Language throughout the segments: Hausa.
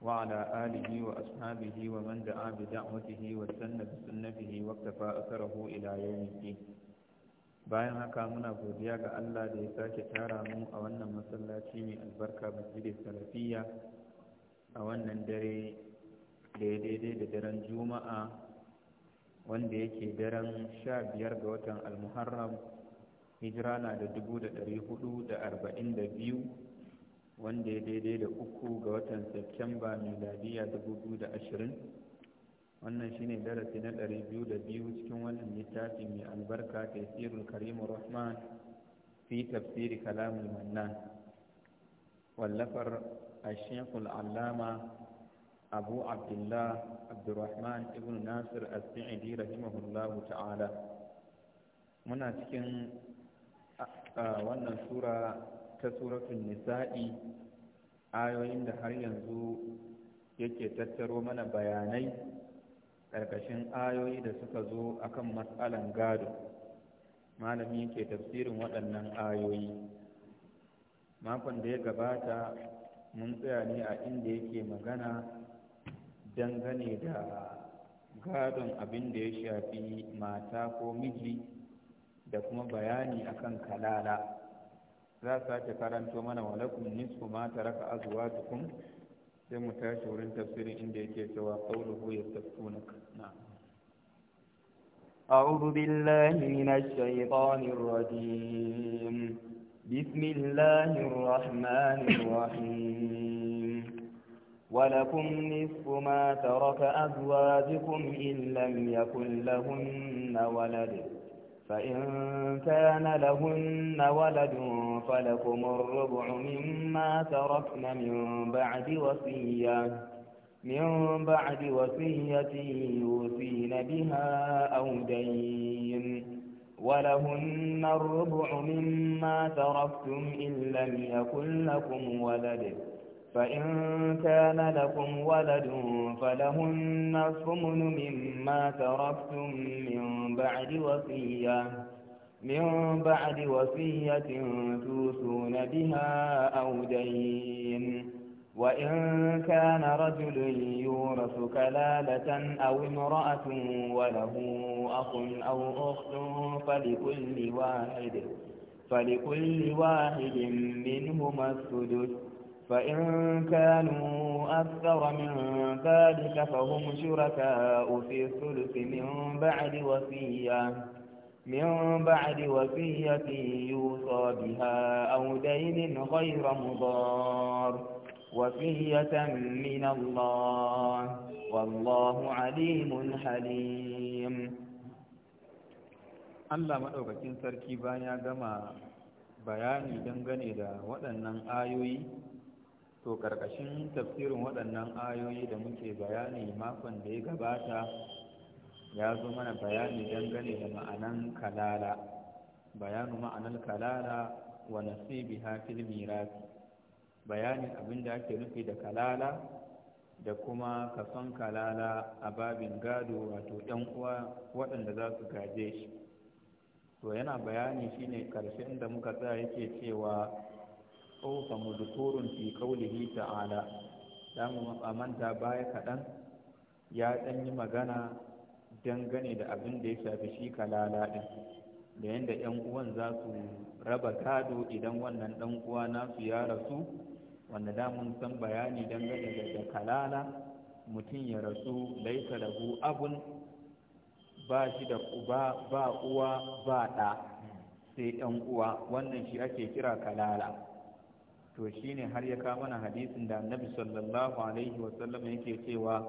وعلى آله وأصحابه ومن دعا بدعوته واستنى بسنته واكتفى أثره إلى يوم الدين bayan haka muna godiya ga Allah da ya sake tara mu a wannan masallaci mai albarka masjidin salafiya a wannan dare da ya daidai da daren juma'a wanda yake daren sha biyar ga watan almuharram hijira na da dubu da ɗari hudu da arba'in da biyu wanda ya daidai da uku ga watan Septemba miladiya ashirin, wannan shine darasi na ɗari biyu da biyu cikin wannan littafi mai albarka ta tafsirul karimu rahman fi tafsiri kalamun mannan wallafar a shekul alama abu abdullah abdurrahman ibn nasir as rahimahullahu ta'ala muna cikin wannan sura ta suratun nisa'i ayoyin da har yanzu yake tattaro mana bayanai ƙarƙashin ayoyi da suka zo akan matsalan gado malami yake tafsirin waɗannan ayoyi makon da ya gabata mun tsaya ne a inda yake magana dangane da gadon abin da ya shafi mata ko miji da kuma bayani akan kalala za su sake karanto mana walakum nisfu ma taraka azwajukum sai mu tashi wurin tafsirin inda yake cewa qawluhu yastaftunaka na'am a'udhu billahi minash الشيطان rajim بسم الله الرحمن الرحيم ولكم نصف ما ترك أزواجكم إن لم يكن لهن ولد فإن كان لهن ولد فلكم الربع مما تركن من بعد وصية من بعد وصية يوصين بها أو دين ولهن الربع مما تركتم إن لم يكن لكم ولد فإن كان لكم ولد فلهن الثمن مما تركتم من بعد وصية من بعد وصية توصون بها أو دين وإن كان رجل يورث كلالة أو امرأة وله أخ أو أخت فلكل واحد فلكل واحد منهما السدس فإن كانوا أكثر من ذلك فهم شركاء في الثلث من بعد وفية من بعد وفية يوصى بها أو دين غير مضار وفية من الله والله عليم حليم الله مدوكين سركي بايا جما bayani dangane da waɗannan ayoyi to karkashin tafsirin waɗannan ayoyi da muke bayani makon da ya gabata ya zo mana bayani dangane da ma'anan kalala bayanu ma'anar kalala wa nasibi hafi mirasi bayanin abin da ake nufi da kalala da kuma kason kalala a babin gado wato ɗan uwa waɗanda za su gaje shi to yana bayani shine ƙarshen da muka tsaya yake cewa خوف مذكور في قوله تعالى دام manta baya kaɗan ya ɗan yi magana dangane da abin da ya shafi shi kalala ɗin da yadda 'yan uwan za su raba gado idan wannan ɗan uwa nasu ya rasu wanda da mun san bayani dangane da kalala mutum ya rasu da lahu abun ba shi da uba ba uwa ba ɗa sai ɗan uwa wannan shi ake kira kalala to shine har ya kama mana hadisin da annabi sallallahu alaihi wasallam yake cewa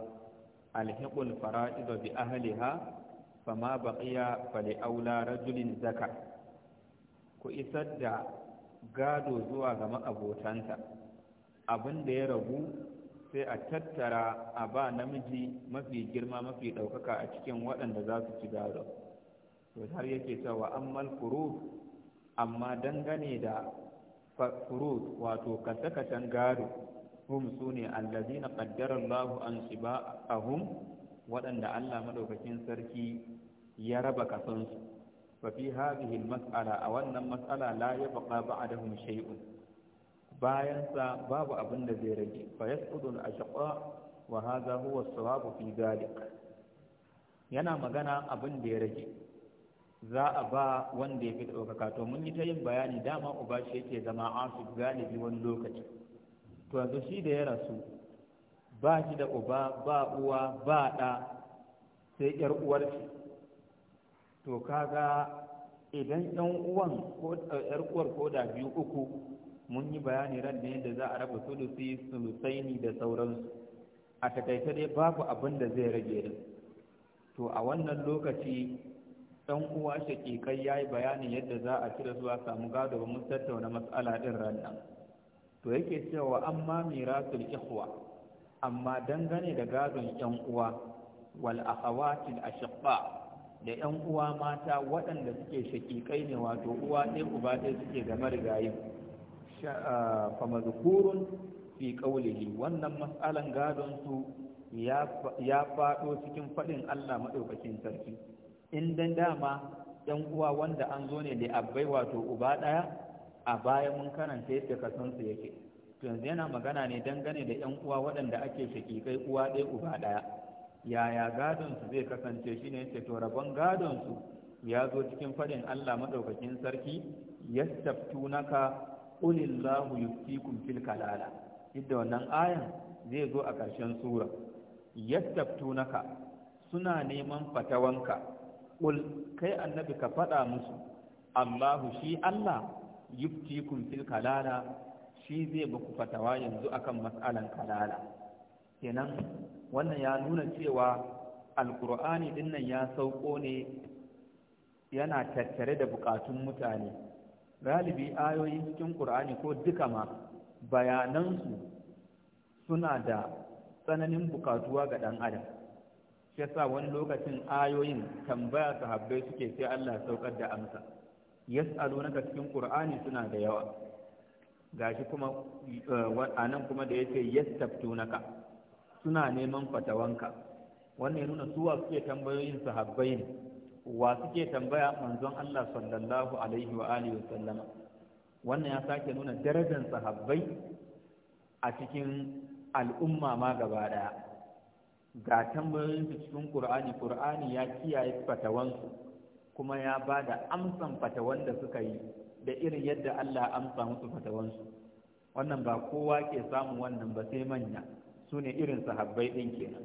alhiqul fara'id bi ahliha fama baqiya li aula rajulin zaka ku isar da gado zuwa ga ma'abotanta abin da ya ragu sai a tattara a ba namiji mafi girma mafi ɗaukaka a cikin waɗanda za su ci gado to har yake cewa ammal furu amma dangane da Furut, wato kace-kacen gado hum su ne allazina qaddara Allahu an hum waɗanda Allah madaukakin sarki ya raba kasansu Ba fi hadhihi mas'ala a wannan mas'ala la yabqa ba'dahum shay'un bayan Bayansa babu abin da zai rage fa yasqudu a ashqa wa hadha huwa as fi yana magana abin da ya rage za a ba wanda ya fi ɗaukaka to mun yi ta yin bayani dama uba shi yake zama asu galibi wani lokaci to yanzu shi da ya rasu ba shi da uba ba uwa ba ɗa sai ƴar uwar shi to kaga idan ɗan uwan ko eh, ƴar uwar ko da biyu uku mun yi bayani ran da yadda za a raba sulusi sulusaini da sauransu a takaice dai babu abin da zai rage to a wannan lokaci dan uwa shakikai ya yi bayanin yadda za a cire zuwa samu gado ba mun tattauna matsala din rannan to yake cewa amma mirasul ikhwa amma dangane da gadon yan uwa wal akhawatil ashqa da yan uwa mata waɗanda suke shakikai ne wato uwa ɗaya uba ɗaya suke da marigayin fa mazkurun fi qawlihi wannan matsalan gadon su ya faɗo cikin faɗin Allah madaukakin sarki in dan dama yan uwa wanda an zo ne da abbai wato uba ɗaya a baya mun karanta yadda kasan su yake yanzu yana magana ne dangane da yan uwa waɗanda ake shakikai uwa ɗaya uba ɗaya yaya gadon su zai kasance shine yace to rabon gadon su ya zo cikin faɗin Allah madaukakin sarki yastaftunaka ulillahu yuftikum fil kalala idda wannan ayan zai zo a ƙarshen sura yastaftunaka suna neman fatawanka kul kai annabi ka faɗa musu Allahu shi Allah yuftikum fil kalala shi zai baku fatawa yanzu akan mas'alan kalala kenan wannan ya nuna cewa alkur'ani dinnan ya sauko ne yana tattare da bukatun mutane galibi ayoyin cikin qur'ani ko duka ma bayanansu suna da tsananin bukatuwa ga ɗan adam yasa wani lokacin ayoyin tambaya sahabbai suke sai Allah saukar da amsa yas'alunaka cikin qur'ani suna da yawa gashi kuma eh, anan kuma da yace yastaftunaka suna neman fatawanka wannan nuna suwa suke tambayoyin sahabbai ne wa suke tambaya manzon Allah sallallahu alaihi wa alihi wasallama wannan ya sake nuna darajar sahabbai a cikin al'umma ma gaba daya ga tambayoyinsu cikin ƙur'ani ƙur'ani ya kiyaye fatawansu kuma ya ba da amsan fatawan da suka yi da irin yadda Allah amsa musu fatawansu wannan ba kowa ke samun wannan ba sai manya su ne irin sahabbai ɗin kenan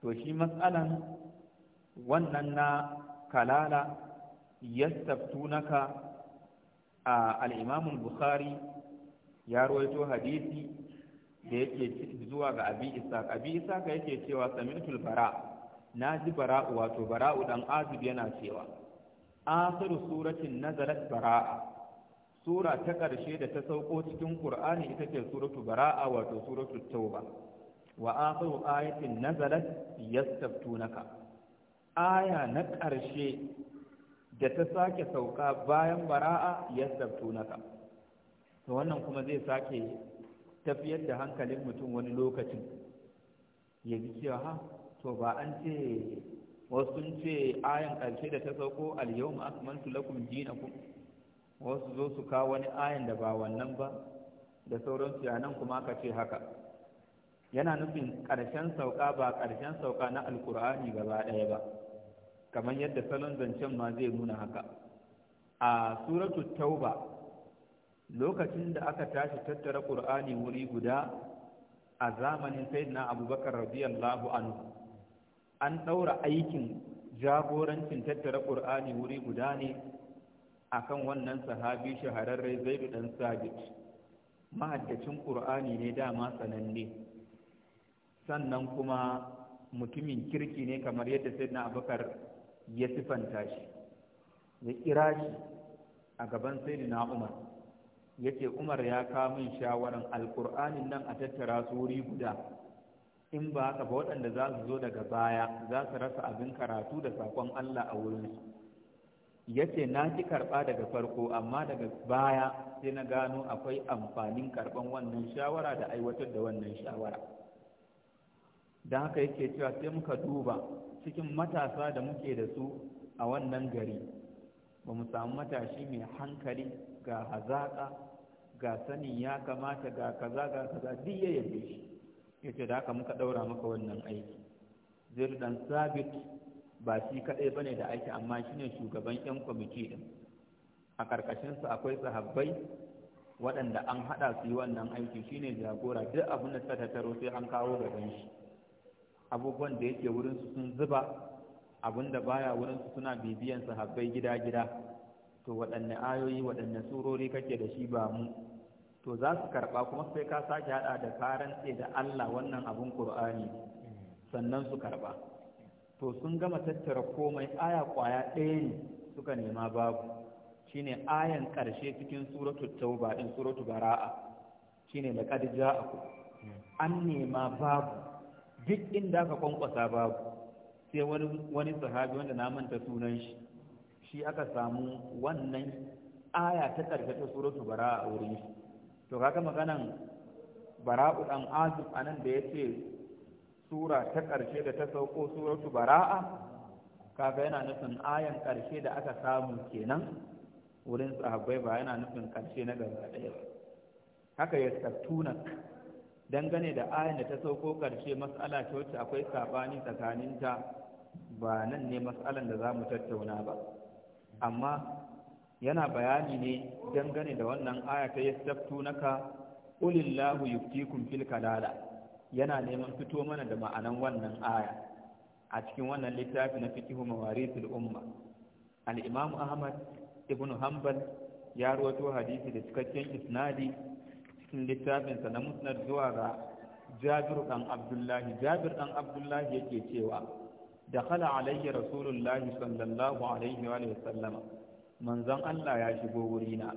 to shi matsalan wannan na kalala yastaftunaka a al-Imam bukhari ya rawaito hadisi da yake zuwa ga abi isa abi ka yake cewa sami'tul bara na ji bara'u wato bara'u dan azib yana cewa asiru suratin nazalat bara'a sura ta ƙarshe da ta sauko cikin qur'ani ita ce suratu bara'a wato suratu tauba wa akhiru ayatin nazalat yastaftunaka aya na ƙarshe da ta sake sauka bayan bara'a yastaftunaka to wannan kuma zai sake tafiyar da hankalin mutum wani lokacin ya ji cewa ha to ba an ce wasu sun ce ayan ƙarshe da ta sauko al-yawma lakum dinakum wasu zo su kawo wani ayan da ba wannan ba da sauransu ya nan kuma aka ce haka yana nufin ƙarshen sauka ba ƙarshen sauka na alkur'ani gaba ɗaya ba kamar yadda salon zancen ma zai nuna haka a suratu tauba lokacin da aka tashi tattara ƙur'ani wuri guda a zamanin sayyidina abubakar radiyallahu anhu an ɗaura aikin jagorancin tattara ƙur'ani wuri guda ne akan wannan sahabi shahararre zaidu dan sabit mahaddacin ƙur'ani ne dama sananne sannan kuma mutumin kirki ne kamar yadda sayyidina abubakar ya sifanta shi ya kira shi a gaban sayyidina umar yace Umar ya kawo min shawaran Alƙur'ani nan a tattara su wuri guda in ba haka ba waɗanda za su zo daga baya za su rasa abin karatu da sakon Allah a wurinsu yace na ki karɓa daga farko amma daga baya sai na gano akwai amfanin karɓan wannan shawara da aiwatar da wannan shawara da haka yake cewa sai muka duba cikin matasa da muke da su a wannan gari ba mu samu matashi mai hankali ga hazaƙa ga sanin ya kamata ga kaza ga kaza duk ya yabe shi ce da haka muka ɗaura maka wannan aiki zai sabit ba shi kaɗai ba ne da aiki amma shi ne shugaban yan kwamiti din a ƙarƙashinsu akwai sahabbai waɗanda an haɗa su yi wannan aiki shine jagora duk abin da suka tattaro sai an kawo gaban shi abubuwan da yake wurin su sun zuba abin da baya wurin su suna bibiyan sahabbai gida gida to waɗanne ayoyi waɗanne surori kake da shi ba mu to za su karɓa kuma sai ka sake haɗa da ce da Allah wannan abun Kur'ani sannan su karɓa to sun gama tattara komai aya ƙwaya ɗaya ne suka nema babu shine ayan ƙarshe cikin suratul tauba din suratul bara'a shine laqad ja'akum an nema babu duk inda aka kwankwasa babu sai wani wani sahabi wanda na manta sunan shi shi aka samu wannan aya ta ƙarshe ta suratul bara a wurin shi to kaga maganan bara'u dan a anan da yace sura ta ƙarshe da ta sauko suratul bara'a kaga yana nufin ayan ƙarshe da aka samu kenan wurin sahabbai ba yana nufin ƙarshe na gaba ɗaya ba haka ya tattuna dangane da ayan da ta sauko ƙarshe mas'ala ce wacce akwai saɓani tsakaninta ba nan ne mas'alan da za mu tattauna ba amma yana bayani ne dangane da wannan aya ta naka, ulillahu yuftikum fil kalala yana neman fito mana da ma'anan wannan aya a cikin wannan littafin na fiqhu mawarisul umma al-imam ahmad ibn hanbal ya rawaito hadisi da cikakken isnadi cikin littafinsa na musnad zuwa ga jabir dan abdullahi jabir dan abdullahi yake cewa dakhala alayya rasulullahi sallallahu alaihi wa sallama manzon Allah ya shigo wurina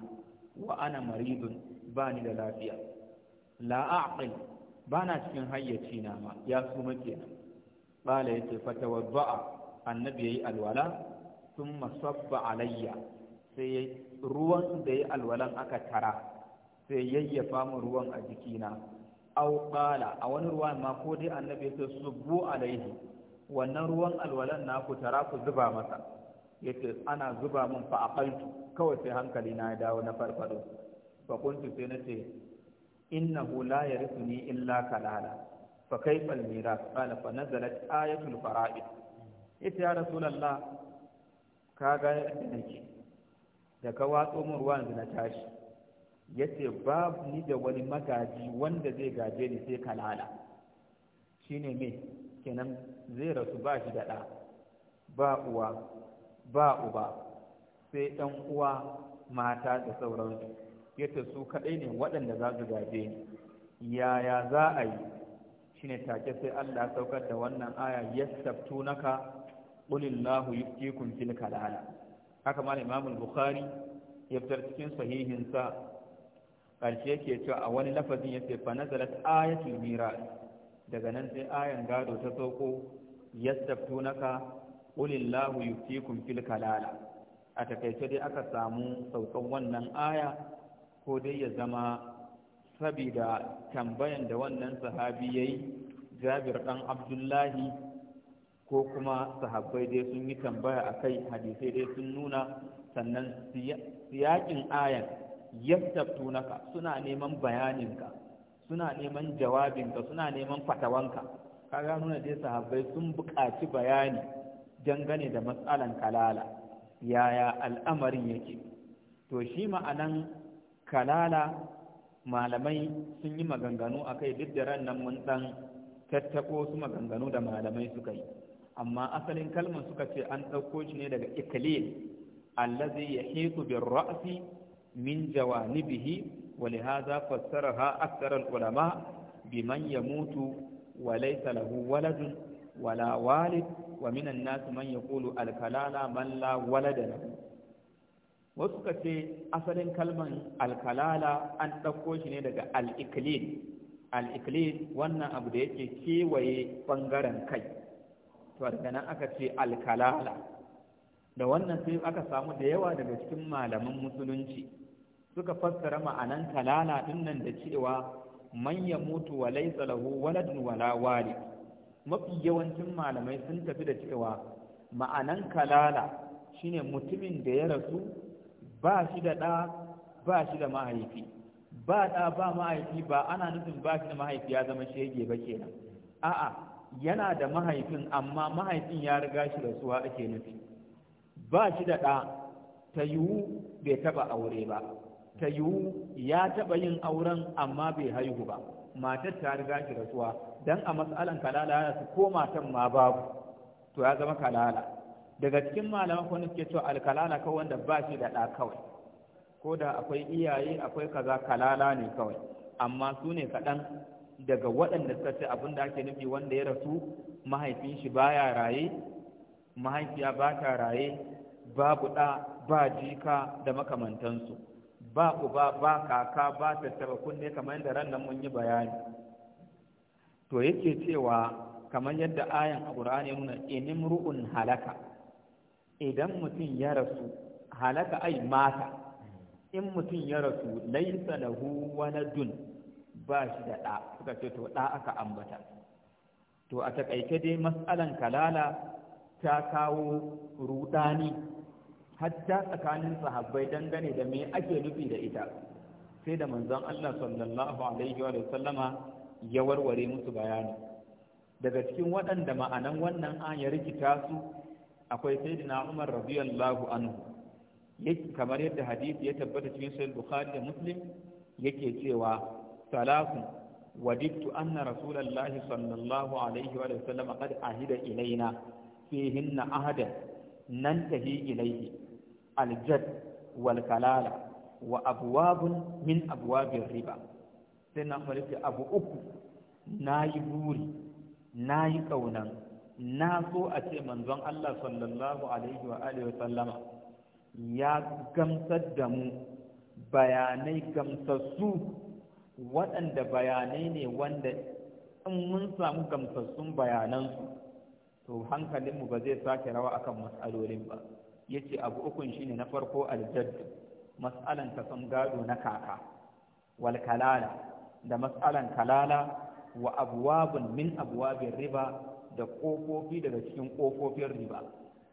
wa ana maridun ba ni da lafiya la aqil ba na cikin hayyacina ma ya su make bala yace fatawadda'a annabi yayi alwala thumma sabba alayya sai ruwan da yayi alwalan aka tara sai yayyafa mu ruwan a jikina aw qala a wani ruwan ma ko dai annabi ya ce subbu alaihi wannan ruwan alwalan naku tara ku zuba masa yace ana zuba min fa aqaltu kawai sai hankali na ya dawo na farfado fa kuntu sai nace innahu la yarithuni illa kalala fa kayfa almiras qala fa nazalat ayatul fara'id ita ya rasulullah kaga nake da ka watso min ruwan na tashi yace babu ni da wani magaji wanda zai gaje ni sai kalala shine me kenan zai rasu ba shi da ɗa ba uwa ba uba sai ɗan uwa mata da sauransu yadda su kaɗai ne waɗanda za su gaje ni yaya za a yi shine take sai Allah saukar da wannan aya yi qulillahu yuftikum fil kalala haka ma Imam al-Bukhari ya fitar cikin sahihinsa ƙarshe ke yake cewa a wani lafazin yace fa nazalat ayatul miras daga nan sai ayan gado ta sauko yastaftunaka qulillahu yuftikum fil kalala a takaice dai aka samu saukan wannan aya ko dai ya zama sabida tambayan da wannan sahabi yayi Jabir dan Abdullahi ko kuma sahabbai dai sun yi tambaya akai hadisai dai sun nuna sannan siyakin ayan naka suna neman bayaninka suna neman jawabinka suna neman fatawanka ka gano na dai sahabbai sun buƙaci bayani dangane da matsalan kalala yaya al'amarin yake to shi ma'anan kalala malamai sun yi maganganu a kai duk da ran nan mun ɗan tattako su maganganu da malamai suka yi amma asalin kalmar suka ce an ɗauko shi ne daga iklil allazi yahitu bir ra'si min jawanibihi ولهذا فسرها أكثر العلماء بمن يموت وليس له ولد ولا wa minan الناس من يقول الكلالة من لا ولد له wasu ka asalin kalman alkalala an ɗauko shi ne daga al'iklil al'iklil wannan abu da yake kewaye ɓangaren kai to daga nan aka ce alkalala da wannan sai aka samu da yawa daga cikin malaman musulunci suka fassara ma'anan kalala din nan da cewa man ya mutu wa laisa lahu waladun wala wali mafi yawancin malamai sun tafi da cewa ma'anan kalala shine mutumin da ya rasu ba shi da ɗa ba shi da mahaifi ba ɗa ba mahaifi ba ana nufin ba shi da mahaifi ya zama shege ba kenan a'a yana da mahaifin amma mahaifin ya riga shi rasuwa ake nufi ba shi da ɗa ta yiwu bai taɓa aure ba ta yiwu ya taɓa yin auren amma bai haihu ba matar ta riga shi rasuwa dan a matsalan kalala su ko matan ma babu to ya zama kalala daga cikin malaman kuma suke cewa alkalala kawai wanda ba shi da ɗa kawai ko da akwai iyaye akwai kaza kalala ne kawai amma su ne kaɗan daga waɗanda suka ce abin da ake nufi wanda ya rasu mahaifin shi baya raye mahaifiya ba ta raye babu ɗa ba jika da makamantansu ba uba ba kaka ba tattara kunne kamar yadda rannan mun yi bayani to yake cewa kamar yadda ayan a ƙur'ani nuna inimru'un halaka idan mutum ya rasu halaka ai mata in mutum ya rasu laisa lahu waladun ba shi da ɗa suka ce to ɗa aka ambata to a taƙaice dai matsalan kalala ta kawo rudani hatta tsakanin sahabbai dangane da me ake nufi da ita sai da manzon Allah sallallahu alaihi wa sallama ya warware musu bayani daga cikin waɗanda ma'anan wannan an ya rikita su akwai sayyidina Umar radiyallahu anhu yake kamar yadda hadisi ya tabbata cikin sahih Bukhari da Muslim yake cewa salafun wadittu anna rasulullahi sallallahu alaihi wa sallama qad ahida ilaina fihinna ahadan nan tahi ilaihi aljad wal kalala wa abwabun min abwabin riba sai na farce abu uku na yi buri na yi ƙaunan na so a ce manzon Allah sallallahu alaihi wa alihi sallama ya gamsar da mu bayanai gamsassu waɗanda bayanai ne wanda in mun samu gamsassun bayanansu to hankalinmu ba zai sake rawa akan matsalolin ba yace abu ukun shine na farko aljadd mas'alan ka gado na kaka wal kalala da mas'alan kalala wa abwabun min abwabir riba da kofofi daga cikin kofofin riba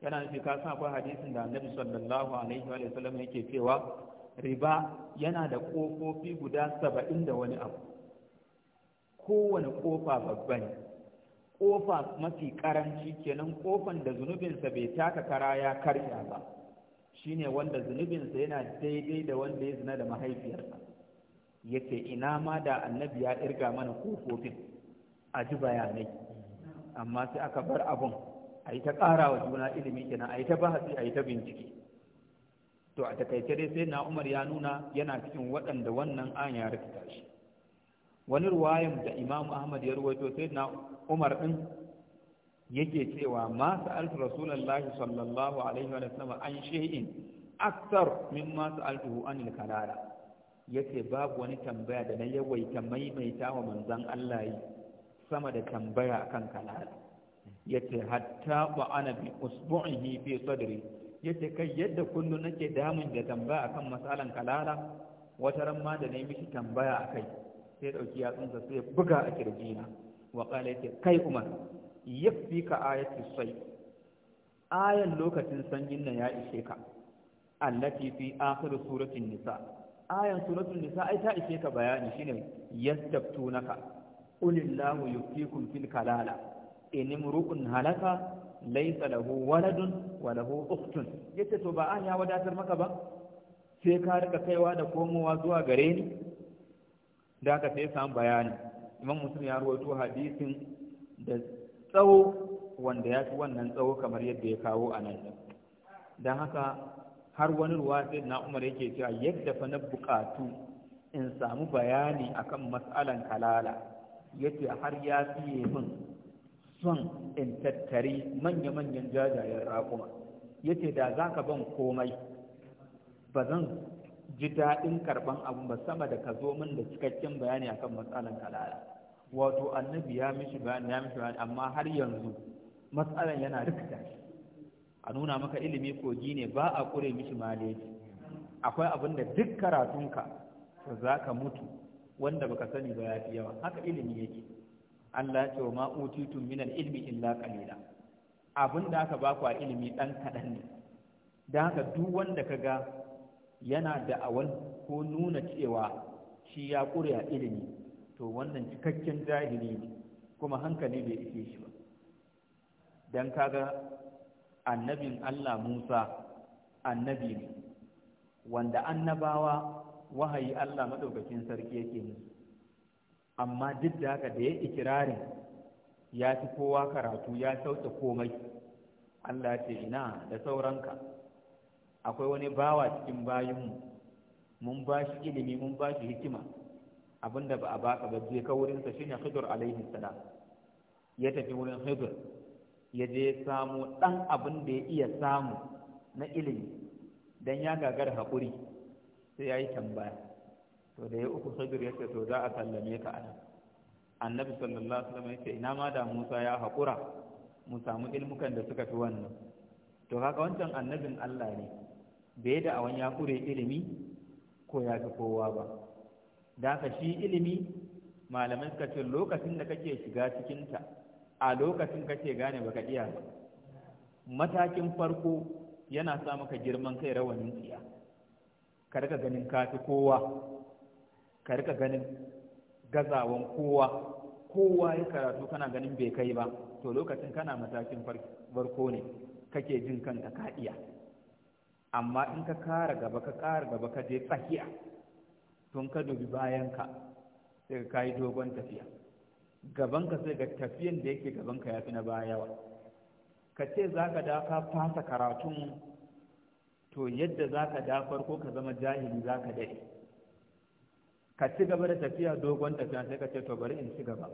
yana nufi ka san akwai hadisin da annabi sallallahu alaihi wa sallam yake cewa riba yana da kofofi guda saba'in da wani abu kowane kofa babba ne ƙofa mafi ƙaranci kenan ƙofan da zunubinsa bai taka kara ya karya ba shine wanda zunubinsa yana daidai da wanda ya zina da mahaifiyarsa yake ina ma da annabi ya irga mana kofofin a ji bayanai amma sai aka bar abun a yi ta ƙara juna ilimi kenan a yi ta bahasi a yi ta bincike to a takaice dai sai na umar ya nuna yana cikin waɗanda wannan an ya rikita shi wani ruwayan da imamu ahmad ya ruwaito sai na umar ɗin yake cewa ma sa'altu rasulullahi sallallahu alaihi wa sallam an shay'in aksar mimma sa'altuhu ilkarara kalala ce babu wani tambaya da na yawaita maimaita wa manzon Allah yi sama da tambaya akan kalala ce hatta ba ana bi usbu'ihi fi sadri ce kai yadda kullum nake damun da tambaya akan matsalan kalala wata ran ma da yi miki tambaya akai sai ɗauki yatsunsa sai buga a kirjina wa qala yake kai umar ka ayatu sai ayan lokacin sanyin nan ya ishe ka allati fi akhir suratin nisa ayan suratul nisa ai ta ishe ka bayani shine yastabtunaka qulillahu yuftikum fil kalala in halaka laysa lahu waladun wa lahu ukhtun yace to ba an ya wadatar maka ba sai ka rika kaiwa da komowa zuwa gare ni da ka sai samu bayani imam muslim ya rawaito hadisin da tsawo wanda ya fi wannan tsawo kamar yadda ya kawo a nan don haka har wani ruwa sai na umar yake cewa yadda fa na bukatu in samu bayani akan matsalan kalala yace har ya fiye min son in tattari manya-manyan jajayen raƙuma yace da za ka ban komai ba zan ji daɗin karɓan abu ba sama da ka zo min da cikakken bayani akan matsalan kalala wato annabi ya mishi bayani ya mishi bayani amma har yanzu matsalan yana rikita a nuna maka ilimi kogi ne ba a kure mishi maleji akwai abin da duk karatunka za ka mutu wanda baka sani ba ya fi yawa haka ilimi yake Allah ya ce wa ma'utitun al ilmi illa qalila abin da aka baku a ilimi dan kaɗan ne dan haka duk wanda ka ga yana da'awan ko nuna cewa shi ya ƙure a ilimi to wannan cikakken jahili ne kuma hankali bai ishe shi ba don kaga annabin Allah Musa annabi ne wanda annabawa wahayi Allah maɗaukakin sarki yake ne amma duk da haka da ya ikirarin ya fi kowa karatu ya sauke komai Allah ce ina da sauranka akwai wani bawa cikin bayinmu mun ba shi ilimi mun ba shi hikima Abin da ba a baka ba je ka wurin sa shine hijr alaihi salam ya tafi wurin hijr ya je samu dan abin da ya iya samu na ilimi dan ya gagar haƙuri sai ya tambaya to da ya uku hijr ya ce to za a sallame ka anan annabi sallallahu alaihi wasallam ya ce ina ma da Musa ya hakura mu samu ilmukan da suka fi wannan to haka wancan annabin Allah ne bai da awan ya kure ilimi ko ya fi kowa ba da ka shi ilimi malamai suka ce lokacin da kake shiga cikinta a lokacin kake gane baka iya ba matakin farko yana sa maka girman kai rawanin iya. ka rika ganin kafi kowa ka rika ganin gazawan kowa kowa ya karatu kana ganin bai kai ba to lokacin kana matakin farko ne kake jin kanka ka iya amma in ka kara gaba ka kara gaba ka je tsakiya tun ka dubi bayanka sai ka yi dogon tafiya gabanka sai ga tafiyan da yake gabanka ya fi na baya wa. ka ce za ka da ka fasa karatun to yadda za ka da farko ka zama jahili za ka daɗe ka ci gaba da tafiya dogon tafiya sai ka ce to bari in ci gaba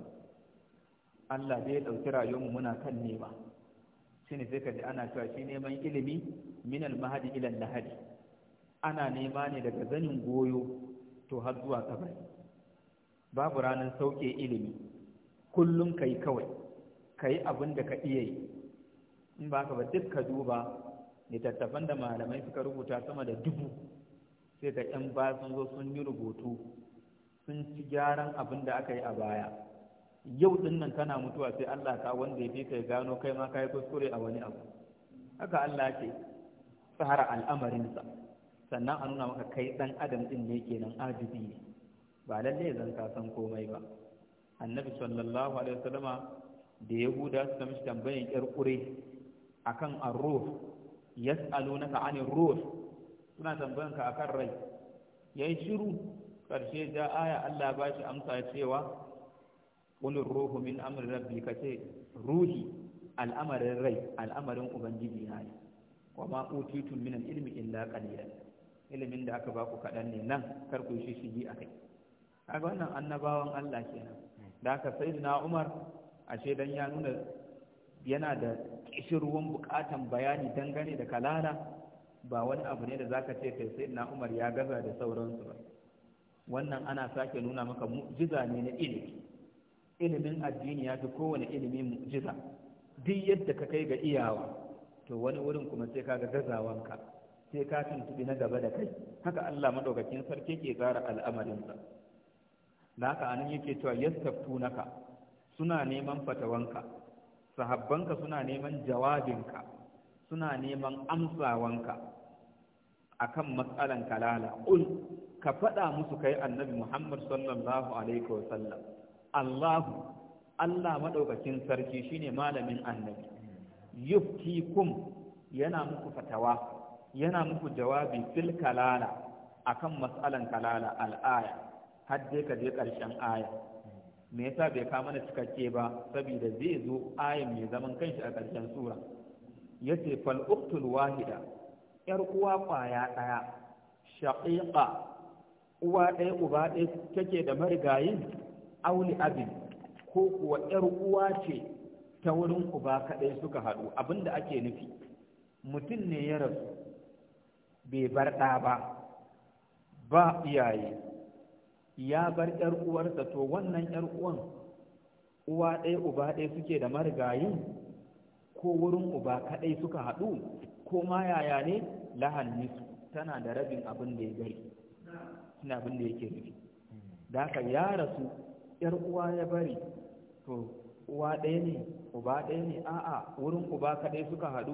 Allah bai ɗauki rayuwarmu muna kan nema shi ne sai ka ji ana cewa shi neman ilimi minal mahadi ilal lahadi ana nema ne daga zanin goyo to har zuwa kabari babu ranar sauke ilimi kullum ka yi kawai ka yi abin da ka iya yi in ba ka ba duk ka duba littattafan da malamai suka rubuta sama da dubu sai ka yan ba sun zo sun yi rubutu sun ci gyaran abin da aka yi a baya yau din nan kana mutuwa sai Allah ka wanda ya fi kai gano kai ma ka yi kuskure a wani abu haka Allah ke tsara al'amarinsa sannan a nuna maka kai ɗan adam ɗin ne kenan ajibi ne ba lalle zan ka san komai ba annabi sallallahu alaihi wasallama da yahuda ta mishi tambayan yar kure akan ar-ruh yas'alunaka 'anil ruh suna tambayan ka akan rai yayi shiru karshe da aya Allah ba shi amsa cewa qulur ruhu min amri rabbi kace ruhi al'amarin rai al'amarin ubangiji na ne wa ma utitu min al-ilmi illa qalilan ilimin da aka ba ku kaɗan ne nan kar ku shi a kai kaga wannan annabawan Allah kenan da aka sai na Umar ashe dan ya nuna yana da kishirwan bukatan bayani dangane da kalala ba wani abu ne da zaka ce kai sai na Umar ya gaza da sauransu ba wannan ana sake nuna maka mu'jiza ne na ilimi ilimin addini ya fi kowane ilimi mu'jiza duk yadda ka kai ga iyawa to wani wurin kuma sai ka kaga gazawanka sai ka tuntubi na gaba da kai haka Allah madaukakin sarki ke tsara al'amarinsa da haka anan yake cewa yastaftunaka suna neman fatawanka sahabbanka suna neman jawabinka suna neman amsawanka akan matsalan kalala ul ka faɗa musu kai annabi Muhammad sallallahu alaihi wasallam Allahu Allah madaukakin sarki shine malamin annabi kum yana muku fatawa yana muku jawabi fil kalala akan mas'alan kalala al'aya har dai ka je ƙarshen aya me yasa bai ka mana cikakke ba saboda zai zo ayan mai zaman kanshi a ƙarshen sura yace fal uqtul wahida yar uwa kwaya ɗaya shaqiqa uwa ɗaya uba ɗaya take da marigayi auli abin ko kuwa yar uwa ce ta wurin uba kaɗai suka haɗu abinda ake nufi mutum ne ya rasu bai bar ɗa ba ba iyaye ya bar ‘yar uwarsa to wannan ‘yar uwan uwa ɗaya uba ɗaya suke da marigayin ko wurin uba kaɗai suka haɗu ko ma yaya ne lahan nisu tana da rabin abin da ya gari suna abin da yake nufi da aka ya rasu ‘yar uwa ya bari to uwa ɗaya ne uba ɗaya ne a'a wurin uba kaɗai suka haɗu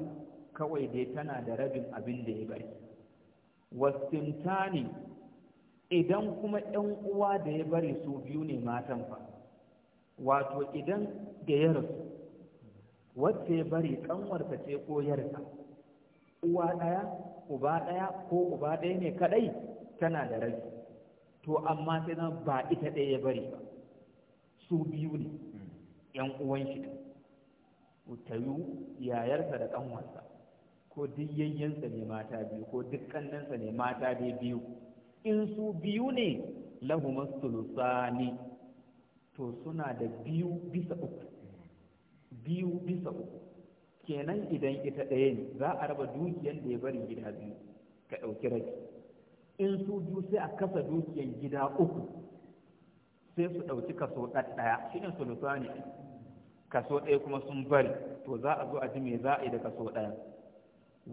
kawai dai tana da rabin abin da ya bari wastimtani idan kuma ‘yan uwa da ya bari su biyu ne matan fa wato idan da ya rasu wacce ya bari ƙanwarsa ce ko yarsa uwa ɗaya uba ɗaya ko uba ɗaya ne kaɗai tana da rabi to amma sai na ba ita ɗaya ya bari ba su biyu ne ‘yan uwan shi ta yayarsa da kanwarsa ko duk yayyansa ne mata biyu ko duk kannansa ne mata dai biyu in su biyu ne lahumas sulusani to suna da biyu bisa uku biyu bisa uku kenan idan ita ɗaya ne za a raba dukiyar da ya bari gida biyu ka ɗauki rabi in su biyu sai a kasa dukiyar gida uku sai su ɗauki kaso ɗaya shi ne sulusani kaso ɗaya kuma sun bari to za a zo a ji me za a yi da kaso ɗaya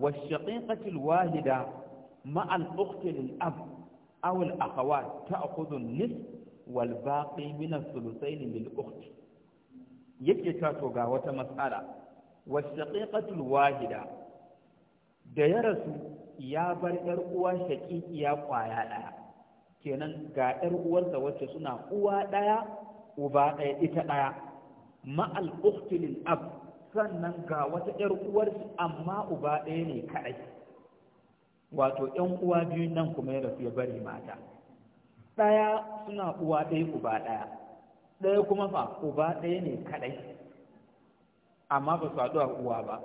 والشقيقة الواحدة مع الأخت للأب أو الأخوات تأخذ النصف والباقي من الثلثين للأخت yake ta ga wata matsala wasiƙaƙatul wahida da ya rasu ya bar ‘yar uwa shaƙiƙiya ƙwaya ɗaya kenan ga ‘yar uwarsa wacce suna uwa ɗaya uba ɗaya ita ɗaya ma'al uktilil ab sannan ga wata ‘yar uwarsu amma uba ɗaya ne kaɗai wato ‘yan uwa biyu nan kuma ya rasu ya bari mata ɗaya suna uwa ɗaya uba ɗaya ɗaya kuma fa uba ɗaya ne kaɗai amma ba su haɗu a uwa ba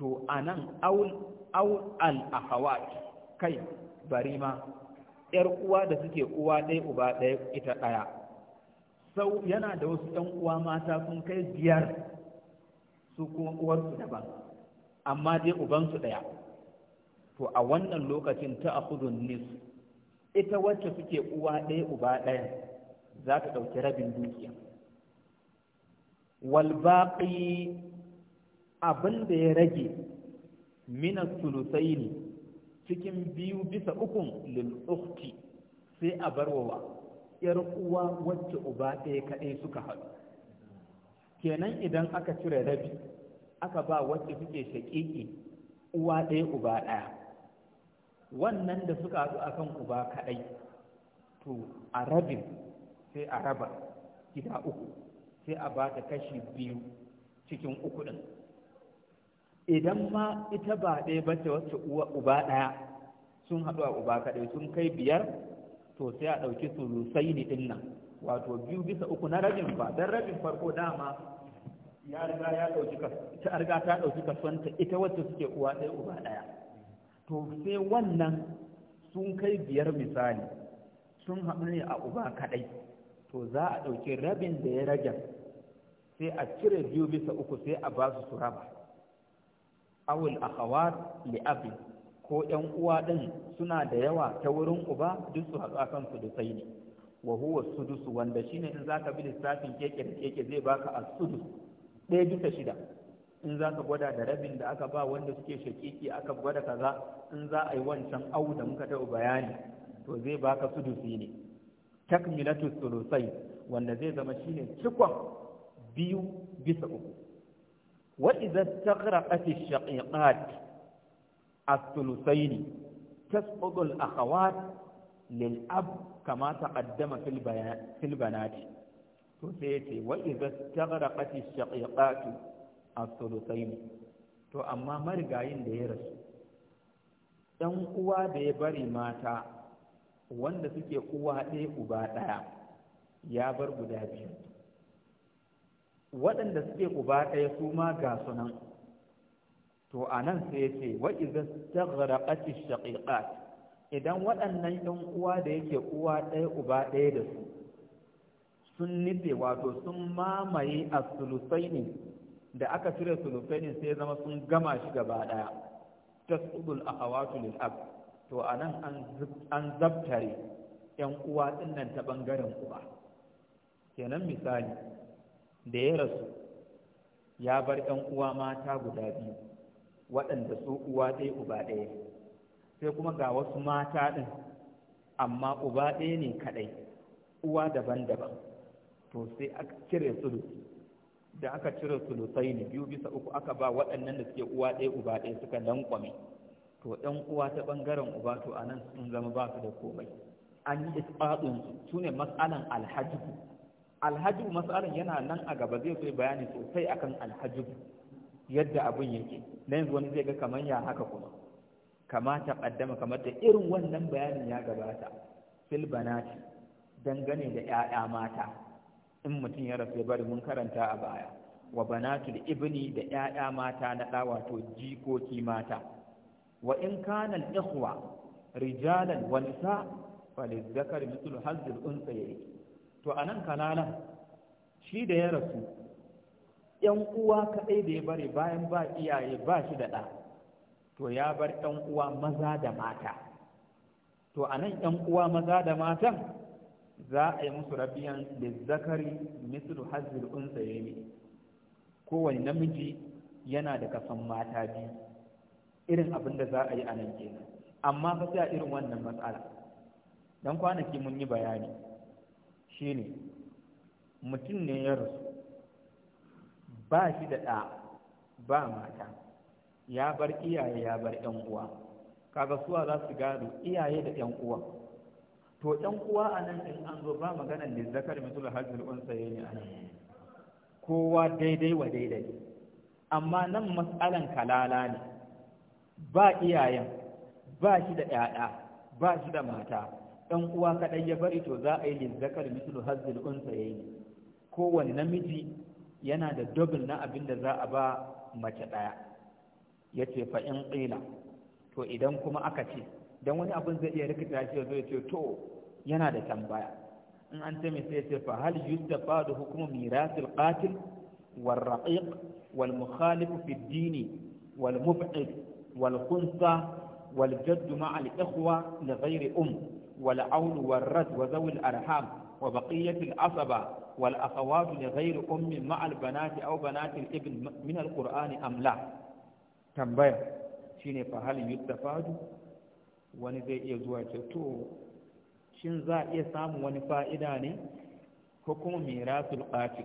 to a nan awul al'ahawat kai bari ma ‘yar uwa da suke uwa ɗaya uba ɗaya ita ɗaya sau yana da wasu ‘yan uwa mata sun kai biyar su kuma uwarsu daban amma dai ubansu ɗaya to a wannan lokacin ta akudun nis ita wacce suke uwa ɗaya uba ɗaya za ta ɗauki rabin dukiya walbaƙi abin da ya rage mina sulusai ne cikin biyu bisa ukun lil'ukti sai a barwa ‘yar uwa wacce uba ɗaya kaɗai suka haɗu kenan idan aka cire rabi aka ba wacce suke shaƙiƙi uwa ɗaya uba ɗaya wannan da suka a kan uba kaɗai to a rabin sai a raba gida uku sai a ba ta kashi biyu cikin uku ɗin idan ma ita ba ɗaya ba ce wacce uba ɗaya sun haɗu a uba kaɗai sun kai biyar to sai a ɗauki sulusai ni ɗin nan wato biyu bisa uku na rabin ba don rabin farko dama ya riga ya ɗauki ta ta ɗauki kasuwanta ita wacce suke uwa ɗaya uba ɗaya to sai wannan sun kai biyar misali sun haɗu ne a uba kaɗai to za a ɗauki rabin da ya rage sai a cire biyu bisa uku sai a ba su raba awul a hawa abi ko ɗan uwa ɗin suna da yawa ta wurin uba duk su haɗu akan su da sai ne wa huwa sudus wanda shine in zaka bi lissafin keke da keke zai baka a sudus ɗaya bisa shida in za gwada da rabin da aka ba wanda suke shakiki aka gwada kaza in za a yi wancan au da muka taɓa bayani to zai baka sudusi ne takmilatu sulusai wanda zai zama shine cikon biyu bisa uku wa idza taghraqat ash-shaqiqat as-sulusaini tasbuqu al-akhawat lil كما تقدم في fil bayan fil to sai yace wa idza taghraqat to amma marigayin da ya rasu ɗan uwa da ya bari mata wanda suke uwa ɗaya uba ɗaya ya bar guda biyu waɗanda suke uba ɗaya su ma ga sunan to a nan sai ce wa iza staghara ƙashi idan waɗannan ‘yan uwa da yake uwa ɗaya uba ɗaya da su sun nufe wato sun mamaye a sulusaini da aka cire sulusaini sai zama sun gama shi gaba ɗaya ta tsubul a hawatu lil'ab to a nan an zabtare ‘yan uwa nan ta ɓangaren uba kenan misali da ya rasu ya bar ‘yan uwa mata guda biyu waɗanda su uwa ɗaya uba ɗaya sai kuma ga wasu mata ɗin amma uba ɗaya ne kaɗai uwa daban-daban to sai aka cire sulusi da aka cire sulusai ne biyu bisa uku aka ba waɗannan da suke uwa ɗaya uba ɗaya suka lankwame to ɗan uwa ta ɓangaren uba to anan sun zama ba su da komai an yi tsatsun su ne matsalan alhajibu alhajibu matsalan yana nan a gaba zai so bayani sosai akan alhajibu yadda abin yake na yanzu wani zai ga kamar ya haka kuma Kamata kaddama ƙaddama kamar da irin wannan bayanin ya gabata fil banati dangane da 'ya'ya mata in mutum ya rasu ya bari mun karanta a baya wa banatul ibni da 'ya'ya mata na ɗa wato jikoki mata wa in kana al-ikhwa rijalan wa nisa zakari mithlu hazzil unsayayi to anan kanana shi da ya rasu yan uwa kadai da ya bari bayan ba iyaye ba shi da ɗa to ya bar ɗan uwa maza da mata to a nan ɗan uwa maza da matan za a yi musu rabiyan da zakari mislu hazir unsa ne kowane namiji yana da kasan mata biyu irin abin da za a yi a nan kenan amma fa sai a irin wannan matsala dan kwanaki mun yi bayani shine mutum ne ya rasu ba shi da ɗa ba mata ya bar iyaye ya bar ƴan uwa kaga suwa za su gado iyaye da ƴan uwa to ƴan uwa a nan in an zo ba maganar da zakar mutul hajjul unsa yayi a nan kowa daidai wa daidai amma nan matsalan kalala ne ba iyayen ba shi da ƴaƴa ba shi da mata ɗan uwa kaɗai ya bari to za a yi lizzakar mitul hazzul unsa yayi kowane namiji yana da dubin na abin da za a ba mace ɗaya ya ce fa in ƙila to idan kuma aka ce don wani abin zai iya rikita shi ya zo ya ce to yana da tambaya in an ce mai sai ce fa hal yustafa da hukumu mirasul qatil wal raqiq wal mukhalif fi dini wal mub'id wal khunsa wal jadd ma al ikhwa li ghairi um wal aul wal rad wa zawi al arham wa baqiyat al asaba wal akhawat li ghairi ummi ma al banati aw banati al ibn min al qur'ani am la tambaya ne fa hal Fadu wani zai iya zuwa ce to shin za a iya samun wani fa'ida ne ko kuma mirasul qatil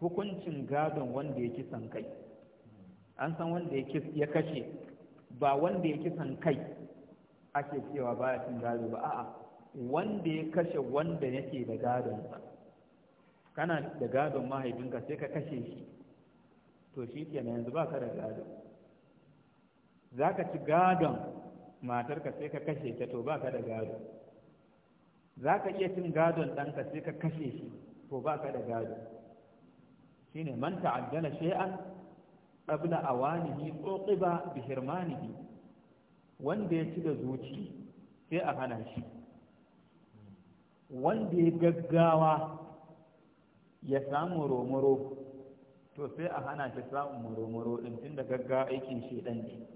hukuncin gadon wanda ya kisan kai an san wanda ya kashe ba wanda ya kisan kai ake cewa baya cin gado ba a'a wanda ya kashe wanda yake da gadonsa kana da gadon mahaifinka sai ka kashe shi to shi na yanzu ba ka da gadon. za ka ci gadon matarka sai ka kashe ta to ba ka da gado za ka iya cin gadon ɗanka sai ka kashe shi to ba ka da gado shi ne man ta'addala shay'an qabla awanihi uqiba bi hirmanihi wanda ya ci da zuci sai a hana shi wanda ya gaggawa ya samu romoro to sai a hana shi samun romoro tun da gaggawa aikin shedan ne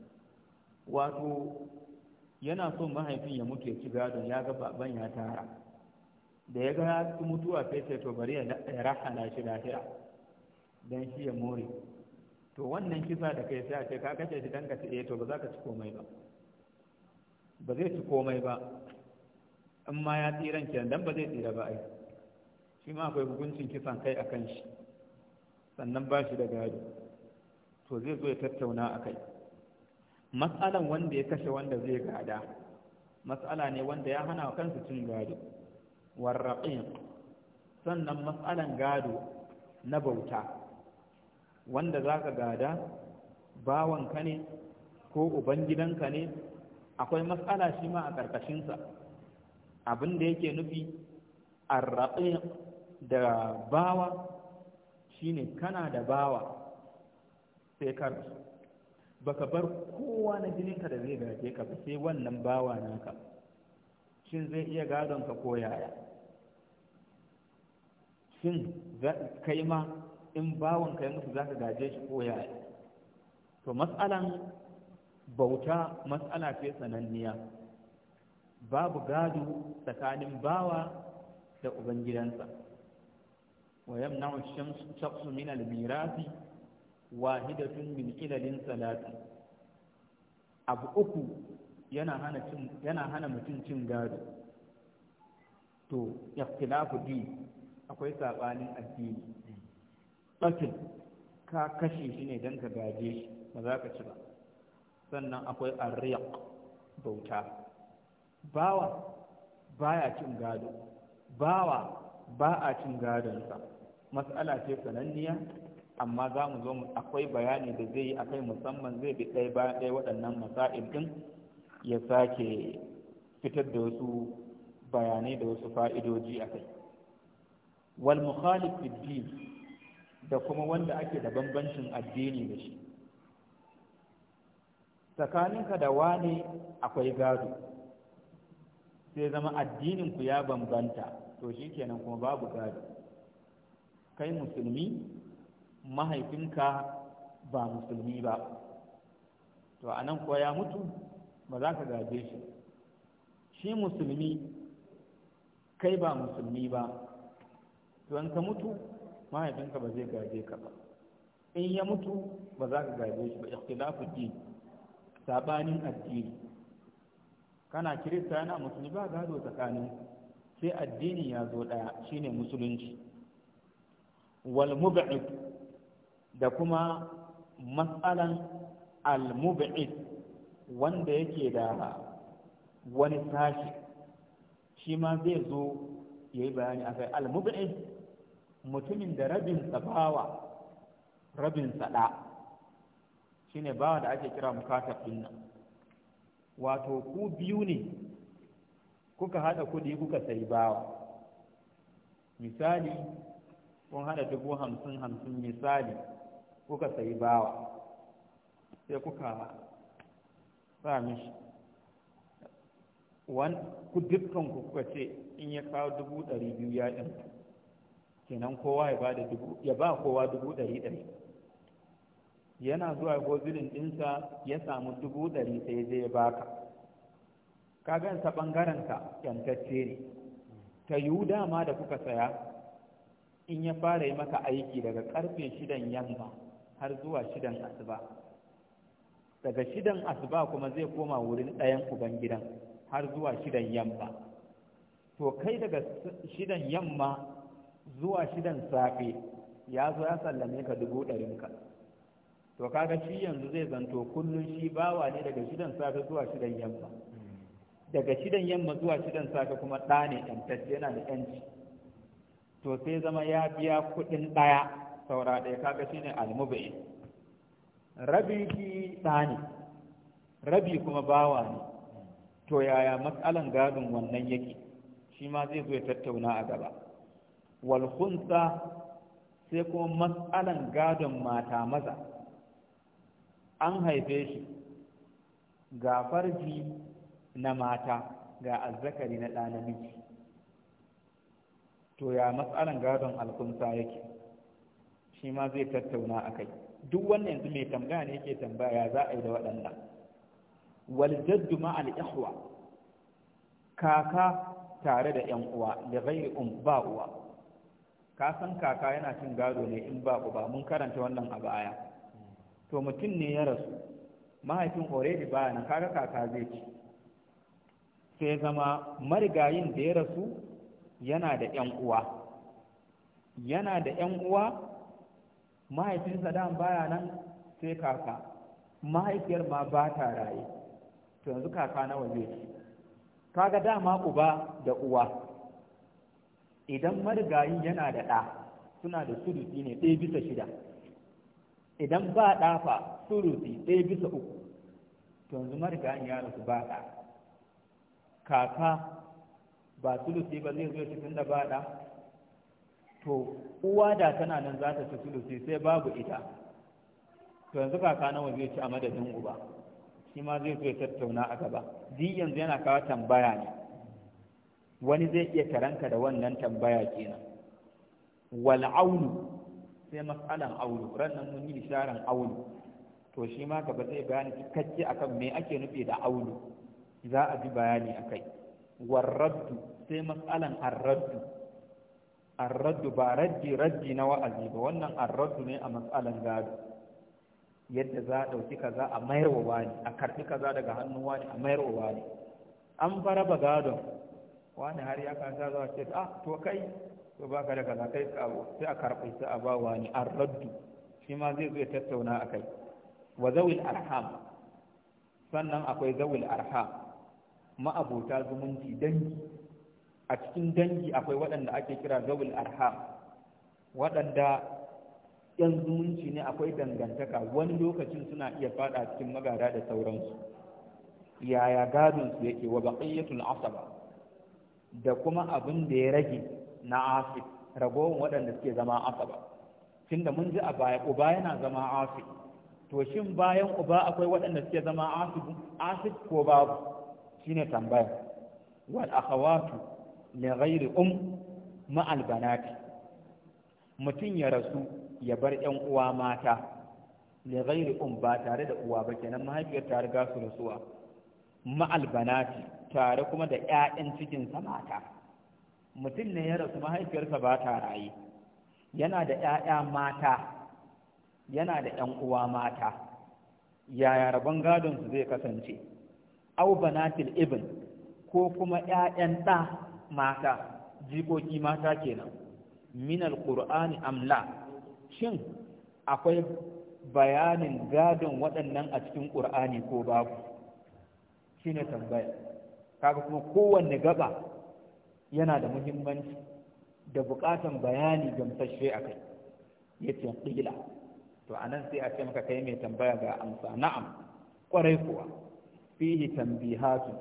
wato yana son mahaifin ya mutu ya ci gadon ya ga baban ya tara da ya ga su mutuwa sai sai to bari ya rahana shi lahira don shi ya more to wannan kisa da kai sai a ce ka kashe shi dan ka eh, to ba za ka ci komai ba ba zai ci komai ba in ma ya tsiran kenan dan ba zai tsira ba ai shi ma akwai hukuncin kisan kai akan shi sannan ba shi da gado to zai zo ya tattauna a kai matsalan wanda ya kashe wanda zai gada matsala ne wanda ya hana kansu cin gado warraƙin sannan matsalan gado na bauta wanda za ka gada bawanka ne ko ubangidanka ne akwai matsala shi ma a ƙarƙashinsa abin da yake nufi arraƙin da bawa shine kana da bawa sai ka baka bar kowa na jininka da zai gaje ka ba sai wannan bawa naka shin zai iya gadon ka ko yaya shin kai ma in bawon ka yanzu za ka gaje shi ko yaya to matsalan bauta matsala ce sananniya babu gado tsakanin bawa da ubangidansa wa yamna'u shamsu min al-mirasi wahidatun min ilalin salati abu uku yana hana mutum cin gado to ikhtilafu di akwai sabanin addini bakin ka kashe shi ne don ka gaje shi ba za ka ci ba sannan akwai arriyaq bauta bawa baya cin gado bawa ba a cin gadonsa matsala ce sananniya amma za mu zo akwai bayani da zai yi akai musamman zai bi ɗaya bayan ɗaya waɗannan masa'il ɗin ya sake fitar da wasu bayanai da wasu fa'idoji a kai wal mukhalif din da kuma wanda ake da bambancin addini da shi tsakaninka da wane akwai gado sai zama addininku ya bambanta to shi kenan kuma babu gado kai musulmi mahaifinka ba musulmi ba to a nan ya mutu ba za ka gaje shi shi musulmi kai ba musulmi ba to in ka mutu mahaifinka ba zai gaje ka ba in ya mutu ba za ka gaje shi ba ikhtilafu din sabanin addini kana kirista yana musulmi ba gado tsakanin sai addini ya zo daya shine musulunci wal mub'id da kuma matsalan al-mub'id wanda yake da wani sashi shi ma zai zo yayi bayani akai al-mub'id mutumin da rabin bawa rabin sada shine bawa da ake kira mukatab din nan wato ku biyu ne kuka hada kudi kuka sayi bawa misali kun hada dubu hamsin hamsin misali kuka sayi bawa sai kuka sa mishi ku dukkan ku kuka ce in ya kawo dubu ɗari biyu ya ɗin kenan kowa ya ba da dubu ya ba kowa dubu ɗari ɗari yana zuwa gozirin ɗinsa ya samu dubu ɗari sai zai ya baka kagan ta ɓangaren ka yantacce ne ta yiwu dama da kuka saya in ya fara yi maka aiki daga ƙarfe shidan yamma har zuwa shidan asuba daga shidan asuba kuma zai koma wurin ɗayan ubangidan har zuwa shidan yamma to kai daga shidan yamma zuwa shidan safe ya zo ya sallame ka dubu ɗarinka to kaga shi yanzu zai zanto kullum shi bawa ne daga shidan safe zuwa shidan yamma daga shidan yamma zuwa shidan safe kuma ɗa ne ɗantacce yana da ƴanci to sai zama ya biya kuɗin ɗaya saura ɗaya kaga shine almubi rabi ki ɗani rabi kuma bawa ne to yaya matsalan gadon wannan yake shi ma zai zo ya tattauna a gaba wal sai kuma matsalan gadon mata maza an haife shi ga farji na mata ga azzakari na ɗa to ya matsalan gadon alkunsa yake shi ma zai tattauna a kai duk wannan yanzu mai tambaya ne yake tambaya za a yi da waɗannan waljaddu ma al'ihwa kaka tare da ‘yan uwa da zai um ba uwa ka san kaka yana cin gado ne in ba uba mun karanta wannan a baya to mutum ne ya rasu mahaifin already baya nan kaga kaka zai ci sai zama marigayin da ya rasu yana da ‘yan uwa yana da ‘yan uwa mahaifinsa dan baya nan sai kaka mahaifiyar ma ba ta raye to yanzu kaka nawa zai ci kaga dama uba da uwa idan marigayi yana da ɗa suna da surusi ne ɗaya bisa shida idan ba ɗafa surusi ɗaya bisa uku to yanzu marigayi ya rasu ba ɗa kaka ba surusi ba zai zo cikin da ba ɗa to uwa da tana nan za ta ci sulusi sai babu ita to yanzu kaka nawa zai ci a madadin uba shi ma zai zo ya tattauna a gaba duk yanzu yana kawo tambaya ne wani zai iya taranka da wannan tambaya kenan wal aulu sai mas'alan aulu rannan mun yi isharan aulu to shi ma gaba zai bayani cikakke akan me ake nufi da aulu za a ji bayani akai warraddu sai mas'alan arraddu arraddu ba raddi raddi na wa'azi ba wannan arraddu ne a matsalan gado yadda za a ɗauki kaza a mayar wa wani a karɓi kaza daga hannun wani a mayar wa wani an fara ba gadon wani har ya kasa zuwa ce ah to kai to baka da kaza kai sai a karɓi sai a ba wani arraddu shi ma zai zo ya tattauna a kai wa zawil arham sannan akwai zawil arham ma'abota zumunci dangi a cikin dangi akwai waɗanda ake kira zawul arham waɗanda yan zumunci ne akwai dangantaka wani lokacin suna iya fada cikin magada da sauransu yaya gadon su yake wa baqiyatul asaba da kuma abin da ya rage na asif ragowar waɗanda suke zama asaba tunda mun ji a baya uba yana zama asif to shin bayan uba akwai waɗanda suke zama asif asif ko babu shine tambaya wal akhawatu li um ma'al banati mutum ya rasu ya bar ƴan uwa mata li ghairi um ba tare da uwa ba kenan mahaifiyar ta riga su rasuwa ma'al banati tare kuma da ƴaƴan cikinsa mata mutum ne ya rasu mahaifiyarsa ba ta raye yana da ƴaƴa mata yana da ƴan uwa mata yaya rabon gadon su zai kasance au banatil ibn ko kuma ƴaƴan ɗa mata jikoki mata kenan min alqur'ani amla shin akwai bayanin gadon waɗannan a cikin qur'ani ko babu shine tambaya kaga kuma kowanne gaba yana da muhimmanci da buƙatan bayani gamsashe a kai yace qila to anan sai a ce maka kai mai tambaya ga amsa na'am kwarai kuwa fihi tambihatu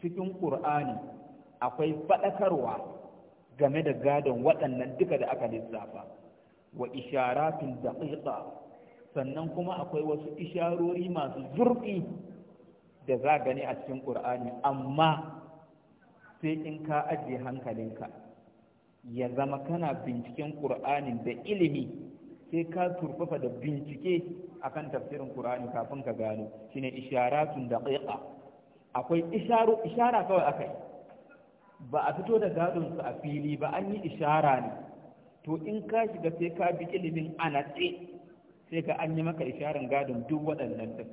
cikin qur'ani akwai faɗakarwa game da gadon waɗannan duka da aka lissafa wa isharatin daƙiƙa sannan kuma akwai wasu isharori masu zurfi da za gani a cikin ƙur'ani amma sai in ka ajiye hankalinka ya zama kana binciken ƙur'anin da ilimi sai ka turfafa da bincike akan tafsirin ƙur'ani kafin ka gano shine isharatun daƙiƙa akwai ishara kawai aka yi ba a fito da gadon a fili ba an yi ishara ne to in ka shiga sai ka bi ilimin a natse sai ka an yi maka isharan gadon duk waɗannan din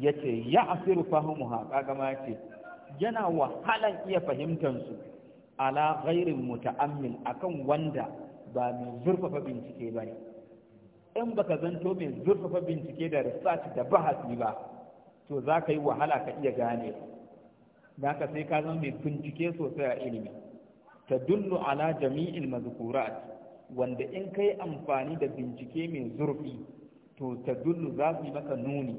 ya ce ya asiru fahimu kaga ma ce yana wahalan iya fahimtansu ala ghairin muta'ammil akan wanda ba mai zurfafa bincike ba ne in baka zanto mai zurfafa bincike da research da bahasi ba to za ka yi wahala ka iya gane da haka sai ka zama mai bincike sosai a ilimi ta dullu ala jami'in mazkurat wanda in kai amfani da bincike mai zurfi to ta dullu za su yi maka nuni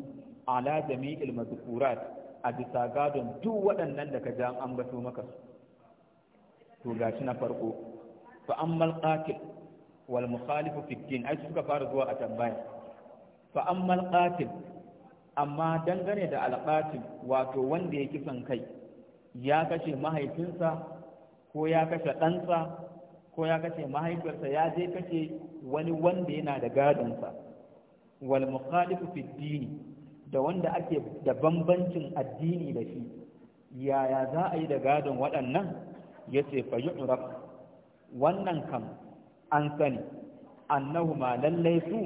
ala jami'il mazkurat a bisa gadon duk waɗannan da ka ja an bato maka su to gashi na farko fa ammal qatil wal mukhalifu fi din ai suka fara zuwa a tambaya fa ammal qatil amma dangane da al wato wanda ya kisan kai ya kashe mahaifinsa ko ya kashe ɗansa ko ya kashe mahaifiyarsa ya je kashe wani wanda yana da gadonsa wal mukhalifu fi dini da wanda ake da bambancin addini da shi yaya za a yi da gadon waɗannan ya ce fa wannan kam an sani annahuma lallai su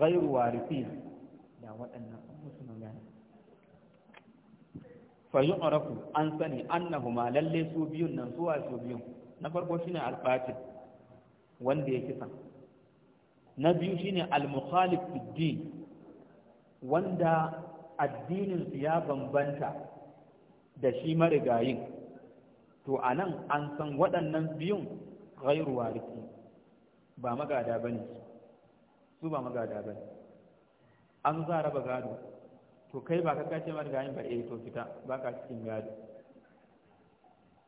ghairu da waɗannan fa yu'rafu an sani annahuma lalle su biyun nan suwa su biyun na farko shine al wanda ya kisa na biyu shine al-mukhalif din wanda addinin su ya bambanta da shi marigayin to anan an san waɗannan biyun ghairu warisi ba magada bane su ba magada bane an za raba gado to kai ba ka kace ba gayin eh, ba to fita ba ka cikin gado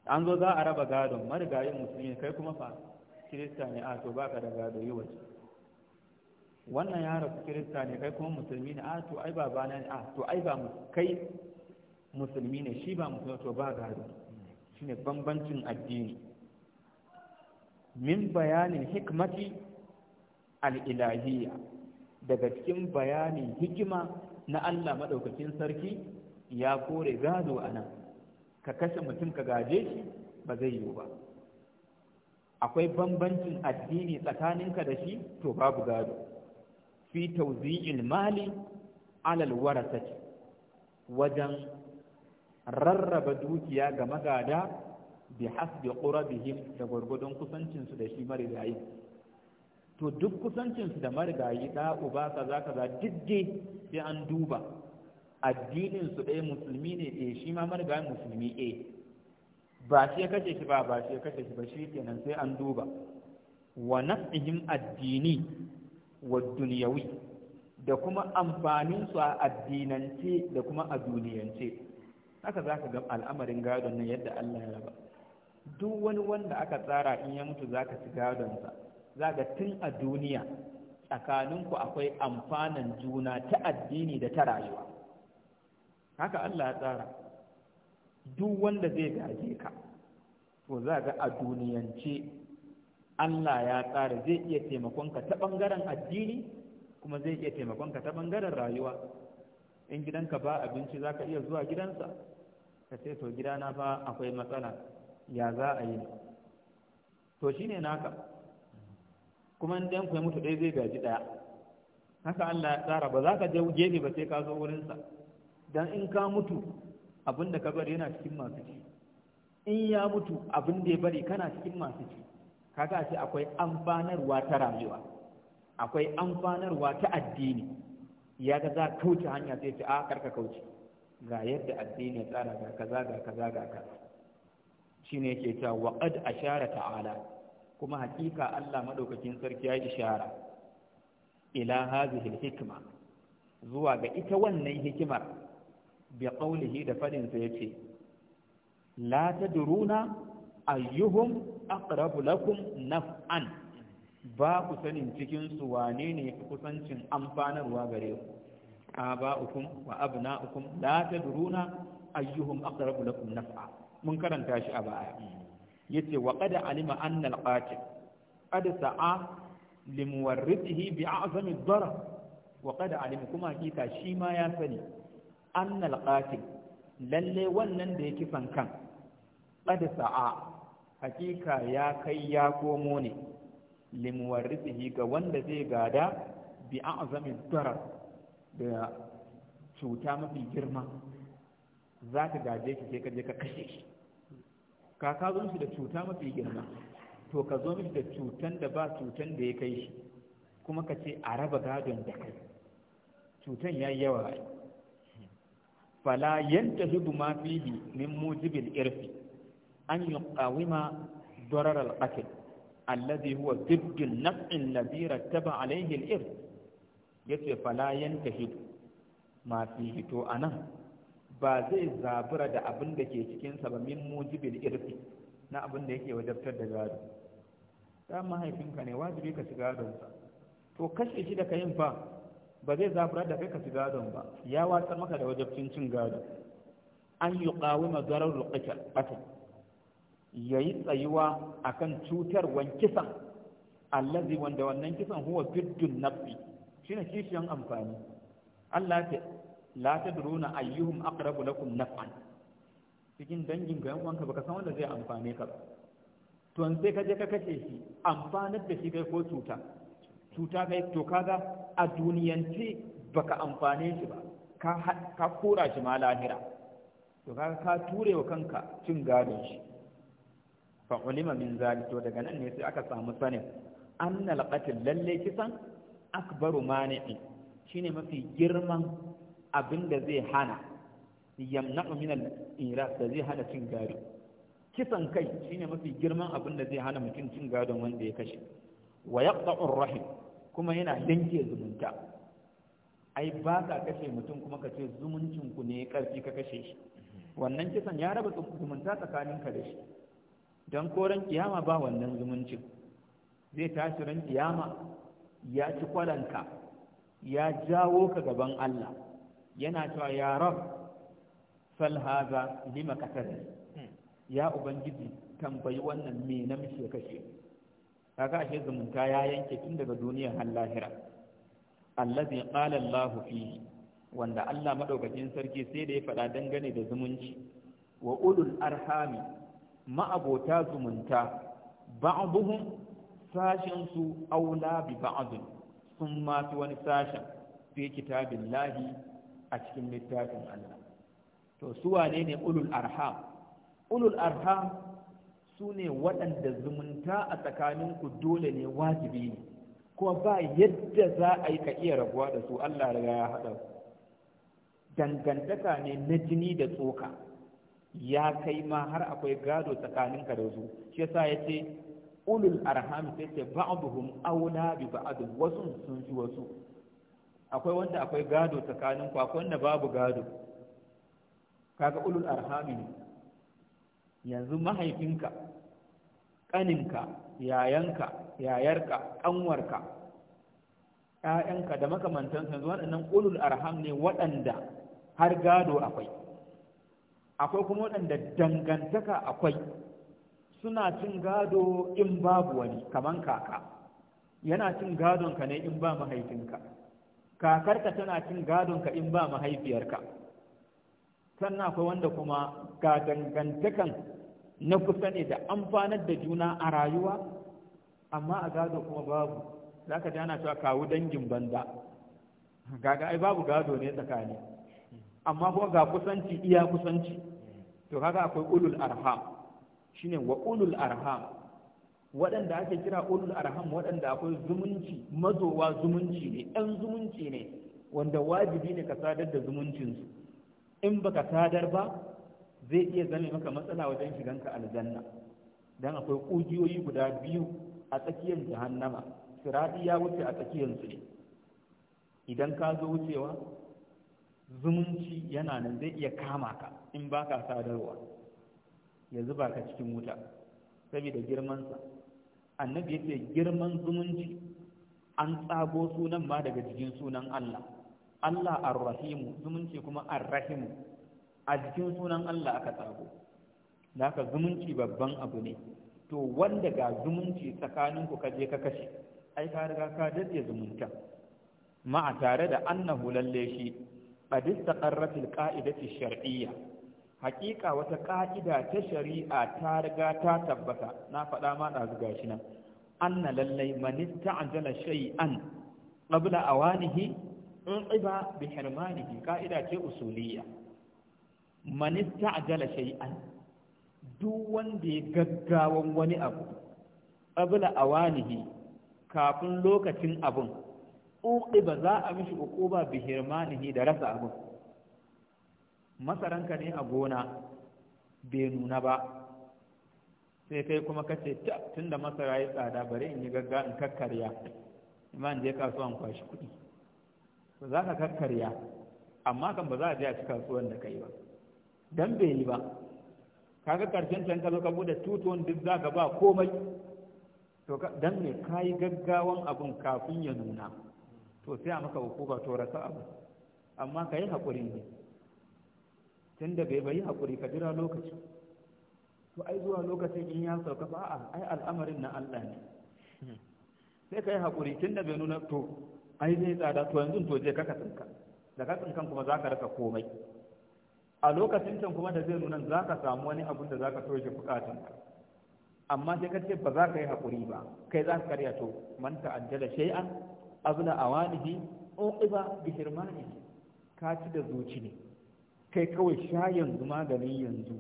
an zo za a raba gadon marigayin musulmi kai kuma fa kirista ne a to ba ka da gado yi waje wannan ya rasu kirista ne kai kuma musulmi ne a to ai ba bana ne a to ai ba kai musulmi ne shi ba musulmi to ba gado shine bambancin addini min bayanin hikmati al-ilahiyya daga cikin bayanin hikima na Allah maɗaukakin sarki ya kore gado a nan ka kashe mutum ka gaje shi ba zai yiwu ba akwai bambancin addini tsakaninka da shi to babu gado fi tauzi'il mali alal warasati wajen rarraba dukiya ga magada bi hasbi qurabihim da gwargwadon kusancinsu da shi yi. to duk kusancinsu da marigayi ɗa uba za ka duk dai sai an duba Addininsu ɗaya musulmi ne ɗaya eh, shi ma marigayi musulmi A. Eh. ba shi ya kashe shi ba ba shi ya kashe shi ba shi kenan sai an duba wa naf'ihim addini wa dunyawi da kuma amfanin a addinance da kuma a duniyance haka za ka ga al'amarin gadon nan yadda Allah ya raba duk wani wanda aka tsara in ya mutu za ka ci gadon sa za ga tun a duniya tsakaninku akwai amfanan juna ta addini da ta rayuwa haka Allah ya tsara duk wanda zai gaje ka to za ga a duniyance Allah ya tsara zai iya taimakonka ta ɓangaren addini kuma zai iya taimakonka ta ɓangaren rayuwa in gidanka ba abinci za ka iya zuwa gidansa ka ce to gidana fa akwai matsala ya za a yi to shine naka kuma in dan ku ya mutu ɗaya zai gaji ɗaya haka Allah ya tsara ba za ka je gefe ba sai ka zo wurinsa dan in ka mutu abin da ka bari yana cikin masu ci in ya mutu abin da ya bari kana cikin masu ci kaga ce akwai amfanarwa ta rayuwa akwai amfanarwa ta addini ya ga za kauce hanya sai ce a karka kauce ga yadda addini ya tsara ga kaza ga kaza ga kaza shine yake cewa waqad ashara ta'ala kuma hakika Allah maɗaukakin sarki ya ishara ila hadhihi hikma zuwa ga ita wannan hikimar bi qawlihi da fadin sa yace la tadruna ayyuhum aqrabu lakum naf'an ba ku sanin cikin su wane ne kusancin amfanarwa gare ku aba'ukum wa abna'ukum la tadruna ayyuhum aqrabu lakum naf'a mun karanta shi a baya yace wa qad alima anna al-qatil qad sa'a limuwarrithihi bi'azami ad-darar wa qad alima kuma hakika shi ma ya sani anna al-qatil lalle wannan da ya kisan kan qad sa'a hakika ya kai ya komo ne limuwarrithihi ga wanda zai gada bi'azami ad-darar da cuta mafi girma za ka gaje shi sai ka je ka kashe shi ka ka zo mishi da cuta mafi girma to ka zo mishi da cutan da ba cutan da ya kai shi kuma ka ce a raba gadon da kai cutan ya yi yawa fala yanta hibu ma fihi min mujibin irfi an yi ƙawima dorar alƙatil allazi huwa zibdin naf'in lazira taba alaihi al'ir ya ce fala yanta hibu ma fihi to a nan ba zai zabura da abin da ke cikinsa ba min mujibil irfi na abin da yake wajabtar da gado ta mahaifinka ne wajibi ka shiga gadonsa to kashe shi da kayin fa ba zai zabura da kai ka shiga gadon ba ya watsar maka da wajabcin cin gado an yi ƙawo mazarar rukatar ɓata. ya yi tsayuwa a kan cutarwan kisan allazi wanda wannan kisan huwa fiddun nafi shi ne kishiyan amfani allah ta la tadruna ayyuhum aqrabu lakum naf'an cikin dangin ga yan'uwanka baka san wanda zai amfane ka ba to an sai ka je ka kace shi amfanar da shi kai ko cuta cuta kai to kaga a duniyance baka amfane shi ba ka ka kora shi ma lahira to kaga ka ture wa kanka cin gadon shi fa ulima min zalik to daga nan ne sai aka samu sanin annal qatl lalle kisan akbaru mani'i shine mafi girman abin da zai hana yamna min al-iras da zai hana cin gado kisan kai shine mafi girman abin da zai hana mutum cin gadon wanda ya kashe wa yaqta'u rahim kuma yana yanke zumunta ai ba ka kashe mutum kuma ka ce zumuncin ku ne karfi ka kashe shi wannan kisan ya raba zumunta tsakanin ka da shi Dan koran kiyama ba wannan zumuncin zai tashi ran kiyama ya ci kwalanka ya jawo ka gaban Allah yana cewa ya rab fal lima katari ya ubangiji tambayi wannan me na kashe kaga ashe zumunta ya yanke tun daga duniyar har lahira allazi qala Allahu fi wanda Allah madaukakin sarki sai da ya faɗa dangane da zumunci wa ulul arhami ma'abota zumunta ba'dhum sashin su aula bi ba'd sun ma wani sashin fi kitabillahi a cikin littafin Allah to su wane ne ulul arham ulul arham su ne waɗanda zumunta a tsakaninku dole ne wajibi ne kuma ba yadda za a yi ka iya rabuwa da su Allah riga ya haɗa dangantaka ne na jini da tsoka ya kai ma har akwai gado tsakaninka da su shi yasa ya ce ulul arham sai ce ba'aduhum aula bi ba'd wasu sun ji wasu akwai wanda akwai gado tsakanin ku akwai wanda babu gado kaga ulul arhami ne yanzu mahaifinka ƙaninka yayanka yayarka ƙanwarka ƴaƴanka da makamantansu yanzu waɗannan ulul arham ne waɗanda har gado akwai akwai kuma waɗanda dangantaka akwai suna cin gado in babu wani kaman kaka yana cin gadonka ne in ba mahaifinka kakarka tana cin gadonka in ba mahaifiyarka sannan akwai wanda kuma ga dangantakan na kusa ne da amfanar da juna a rayuwa amma a gado kuma babu za ka jana cewa kawo dangin banza gaga ai babu gado ne tsakani amma kuma ga kusanci iya kusanci to kaga akwai ulul arham shine wa ulul arham waɗanda ake kira ulul arham waɗanda akwai zumunci mazowa zumunci ne ɗan zumunci ne wanda wajibi ne ka sadar da zumuncinsu in baka sadar ba zai iya zame maka matsala wajen shiganka aljanna dan akwai ƙugiyoyi guda biyu a tsakiyar jahannama sirati ya wuce a tsakiyarsu ne idan ka zo wucewa zumunci yana nan zai iya kama ka in baka sadarwa ya zuba cikin wuta saboda girmansa annabi yace girman zumunci an tsago sunan ma daga jikin sunan Allah Allah ar-rahimu zumunci kuma ar-rahimu a jikin sunan Allah aka tsago da haka zumunci babban abu ne to wanda ga zumunci tsakaninku ka je ka kashe ai ka riga ka daɗe zumunta a tare da annahu lalle shi qad istaqarrat al-qa'idati shar'iyya hakika wata ka'ida ta shari'a ta riga ta tabbata na faɗa ma ɗazu gashi nan anna lallai man an shay'an qabla awanihi in iba bi hirmanihi ka'ida ce usuliyya man ista'jala shay'an duk wanda ya gaggawan wani abu qabla awanihi kafin lokacin abun uqiba za a mishi uquba bi hirmanihi da rasa abun masaranka ne a gona bai nuna ba sai kai kuma ka ce tun da masara ya tsada bari in yi gagga in kakkarya in je kasuwan kwashi kuɗi ba za ka kakkarya amma kan ba za a je a ci kasuwan da kai ba dan bai yi ba kaga karshen can ka zo ka bude tutuwan duk za ka ba komai to dan me ka yi gaggawan abun kafin ya nuna to sai a maka hukuma to rasa abu amma ka yi haƙuri ne tun da bai bayi haƙuri ka jira lokaci to ai zuwa lokacin in ya sauka ba a ai al'amarin na Allah ne sai ka yi haƙuri tun da bai nuna to ai zai tsada to yanzu to je kaka tsinka da ka tsinkan kuma za ka rasa komai a lokacin can kuma da zai nuna za ka samu wani abun da za ka toshe ka. amma sai ka ce ba za ka yi haƙuri ba kai za ka karya to man ajjala shay'an abla awanihi uqiba bi hirmanihi ka ci da zuci ne kai kawai sha yanzu maganin yanzu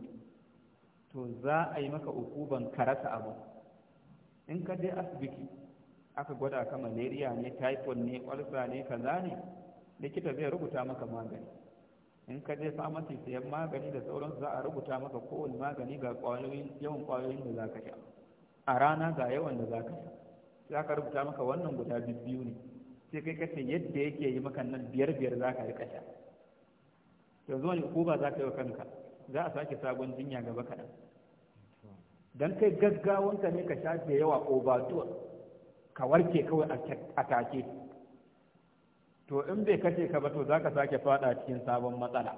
to za a yi maka ukuban karasa abu in ka je asibiti aka gwada ka malaria ne typhoid ne ƙwarsa ne kaza ne likita zai rubuta maka magani in ka je famasi sayan magani da sauransu za a rubuta maka kowane magani ga yawan ƙwayoyin da za ka sha a rana ga yawan da za ka sha za ka rubuta maka wannan guda biyu ne sai kai kace yadda yake yi maka nan biyar biyar za ka riƙa sha yanzu wani ukuba za ka yi wa kanka za a sake sabon jinya gaba kaɗan don kai gaggawanka ne ka shafe yawa obatuwa ka warke kawai a take to in bai kashe ka ba to za ka sake fada cikin sabon matsala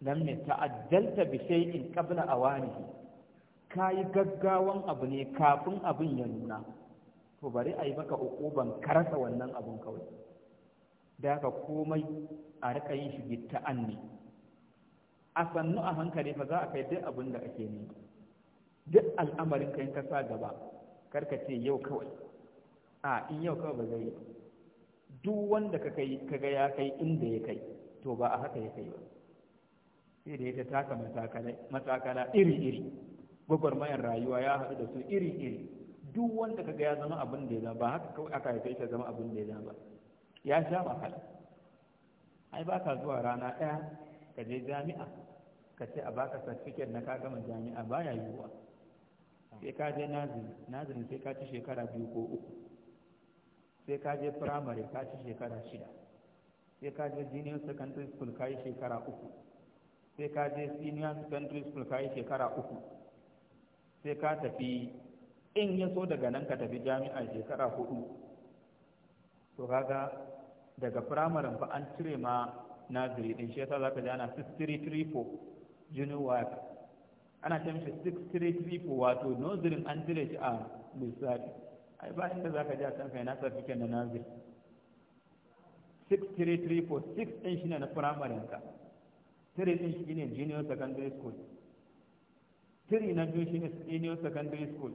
nan ne ta'ajjalta bi a wani Ka yi gaggawan abu ne kafin abin ya nuna to bari a yi maka ukuban karasa wannan abun kawai da aka komai a rika yin shi an ne a sannu a hankali fa za a kai duk abin da ake ne duk al'amarin kayan kasa sa gaba karka ce yau kawai a in yau kawai ba zai yi duk wanda ka kai kaga ya kai inda ya kai to ba a haka ya kai ba sai da ya ta taka matakala iri-iri gwagwarmayar rayuwa ya haɗu da su iri-iri duk wanda kaga ya zama abin da ya zama ba haka kawai aka haife shi zama abin da ya zama ba ya sha wahala ai ba ka zuwa rana ɗaya ka je jami'a ka ce a baka certificate na ka gama jami'a baya yiwuwa sai ka je nazirin sai ka ci shekara biyu ko uku sai ka je firamare ka ci shekara shida sai ka je junior secondary school ka yi shekara uku sai ka je senior secondary school ka yi shekara uku sai ka tafi in ya so daga nan ka tafi jami'a shekara hudu to kaga daga firamaren ba an cire ma naziri din shi yasa zaka ji ana 6334 junior wife ana ce mishi 6334 wato nozirin an cire shi a lissafi ai ba inda zaka ji a can kai na certificate na nazir 6334 6 din shi ne na firamaren ka 3 din shi ne junior secondary school 3 na biyu shi ne senior secondary school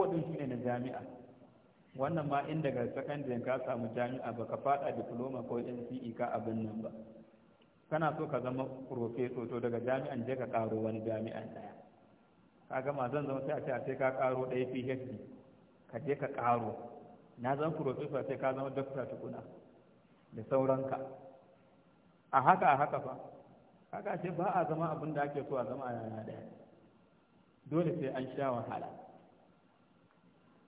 4 din shi ne na jami'a wannan ma in daga sakandare ka samu jami'a ba ka fada diploma ko nce ka abin nan ba kana so ka zama professor to daga jami'an je ka karo wani jami'an daya ka gama zan zama sai a ce a sai ka karo ɗaya phd ka je ka karo na zan professor sai ka zama dokta tukuna da sauranka a haka a haka fa haka ce ba a zama abin da ake so a zama a yana daya dole sai an sha wahala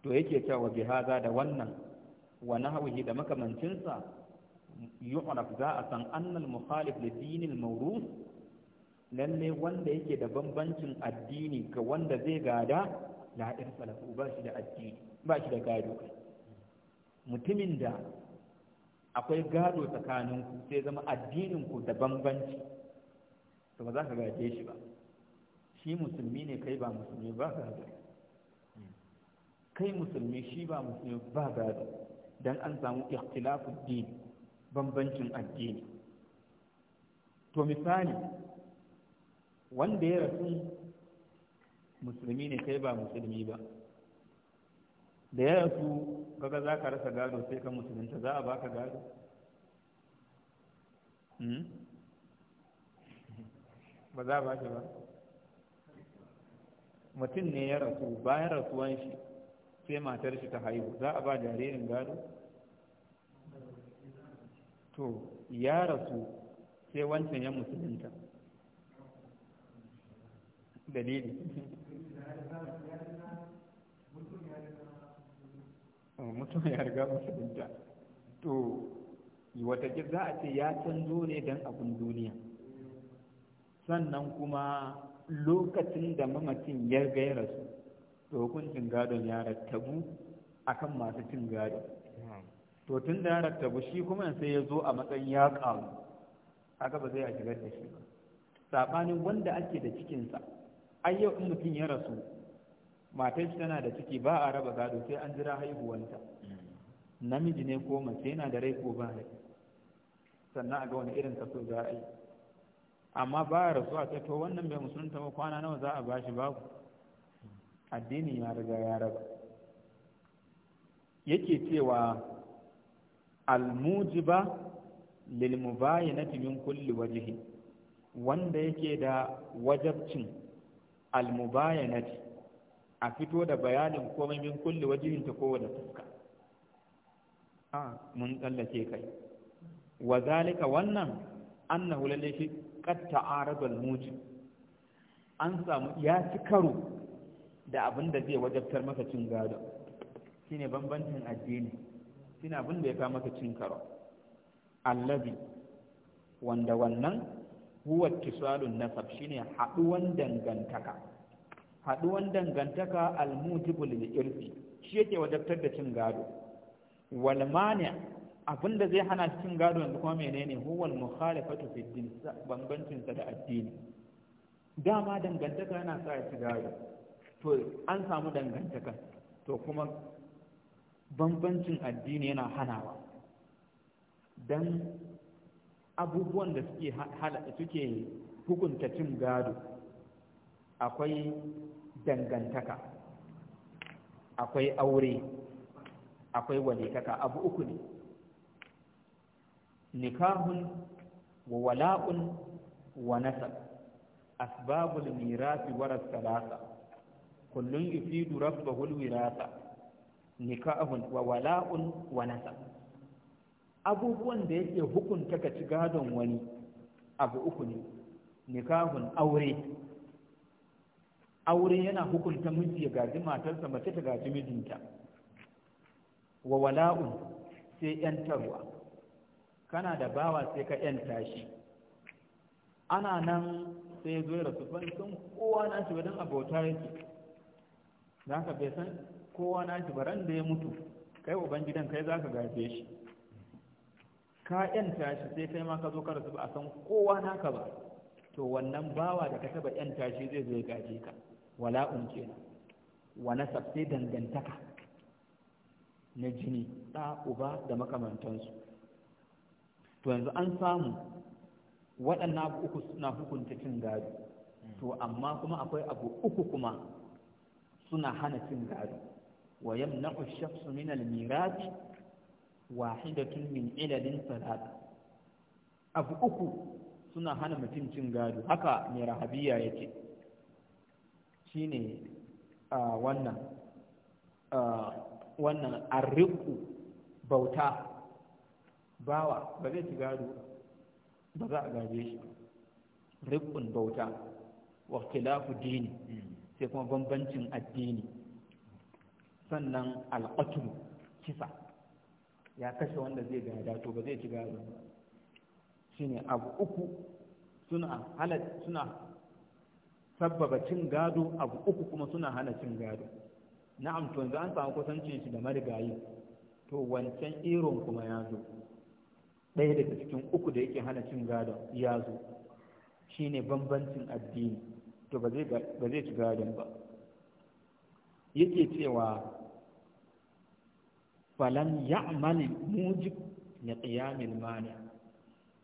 to yake cewa bi haza da wannan wa nahwihi da makamancinsa yu'raf za a san annal mukhalif li dinil mawruf lalle wanda yake da bambancin addini ga wanda zai gada la irsa ba shi da addini ba da gado mutumin da akwai gado tsakaninku sai zama addinin ku da bambanci to ba za ka gaje shi ba shi musulmi ne kai ba musulmi ba ka gaje kai musulmi shi ba musulmi ba gado dan an samu ikhtilafu din bambancin addini to misali wanda ya rasu musulmi ne kai ba musulmi ba da ya rasu kaga za ka rasa gado sai ka musulunta za a baka gado hmm? ba za a ba shi ba mutum ne ya rasu bayan rasuwan shi sai matar shi ta haihu za a ba jaririn gado to ya rasu sai wancan ya musulunta dalili oh, mutum ya riga musulunta to wata za a ce ya canzo ne don abin duniya sannan kuma lokacin da mamacin ya rasu to hukuncin gadon ya rattabu akan masu cin gadi. to tun da ya rattabu shi kuma sai ya zo a matsayin ya karu haka ba zai a shigar da shi ba saɓanin wanda ake da cikinsa ai yau in mutum ya rasu matar shi tana da ciki ba a raba gado sai an jira haihuwanta mm. namiji ne ko mace yana da rai ko ba rai sannan a ga wani irin kaso za a yi amma ba a rasuwa ta to wannan bai musulunta ba kwana nawa za a bashi babu addini ya riga ya raba yake cewa almujiba lilmubayinati min kulli wajhi wanda yake da wajabcin almubayanati a fito da bayanin komai min kulli wajihin ta kowane fuska a mun tsallake kai wa zalika wannan annahu lalle shi qad ta'arada mujib an samu ya ci karo da abin da zai wajabtar maka cin gado shine bambancin addini ne abin da ya kawo maka cin karo Allabi, wanda wannan huwa kisalun nasab ne haduwan dangantaka haduwan dangantaka almutibul lirfi shi yake wajabtar da cin gado wal mani abin da zai hana cin gado yanzu kuma menene huwa mukhalafatu fi din bambancin sa da addini dama dangantaka yana sa ya ci gado to an samu dangantaka to kuma bambancin addini yana hanawa don abubuwan da suke hukunta cin gado akwai dangantaka akwai aure akwai walitaka abu uku ne nikahun wa wala'un wa nasab asbabul mirafi waras kullun yufidu rabbahu alwirasa nikahun wa wala'un wa nasab abubuwan da yake hukunta ka ci gadon wani abu uku ne nikahun aure aure yana hukunta miji ya gaji matarsa mace ta gaji mijinta wa wala'un sai yantarwa kana da bawa sai ka yanta shi ana nan sai zo ya rasu ban san kowa na shi wadan abota yake zaka ka bai san kowa na shi baran da ya mutu kai ubangidan kai za ka gaje shi ka yanta shi sai kai ma ka zo karasu ba a san kowa na ka ba to wannan bawa da ka taba yanta shi zai zai gaje ka wala kenan wa nasab sai dangantaka na jini ɗa uba da makamantansu to yanzu an samu waɗannan abu uku suna hukunta cin gado to amma kuma akwai abu uku kuma suna hana cin gado wa yamna'u su min al wahidatun min ilalin salat abu uku suna hana mutum cin gado haka mai rahabiya ya Shi shine wannan wannan arriku bauta bawa ba zai ci gado ba za a gaje shi rikun bauta wa dini hmm. sai kuma bambancin addini sannan alƙatul kisa ya kashe wanda zai gada to ba zai ci gado shine abu uku suna hana suna sabbaba cin gado abu uku kuma suna hana cin gado na'am to yanzu an samu kusanci shi da marigayi to wancan iron kuma ya zo ɗaya daga cikin uku da yake hana cin gado ya zo shine bambancin addini to ba zai ci gadon ba yake cewa falan ya'mali mujib na qiyamil mani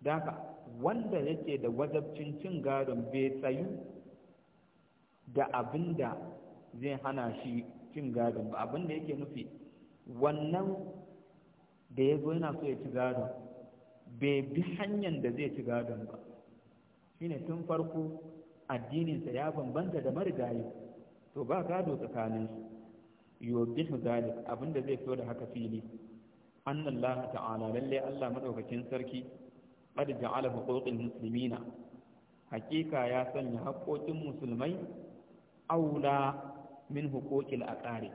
daka wanda yake da wajabcin cin gadon bai tsayu da abinda zai hana shi cin gadon ba abinda yake nufi wannan da ya zo yana so ya ci gadon bai bi hanyar da zai ci gadon ba shine tun farko addininsa ya bambanta da marigayi to ba gado tsakanin yuwaddihu zalik abinda zai fito da haka fili annallah ta'ala lalle Allah madaukakin sarki qad ja'ala huquqil muslimina hakika ya sanya haƙoƙin musulmai aula min huquqil aqari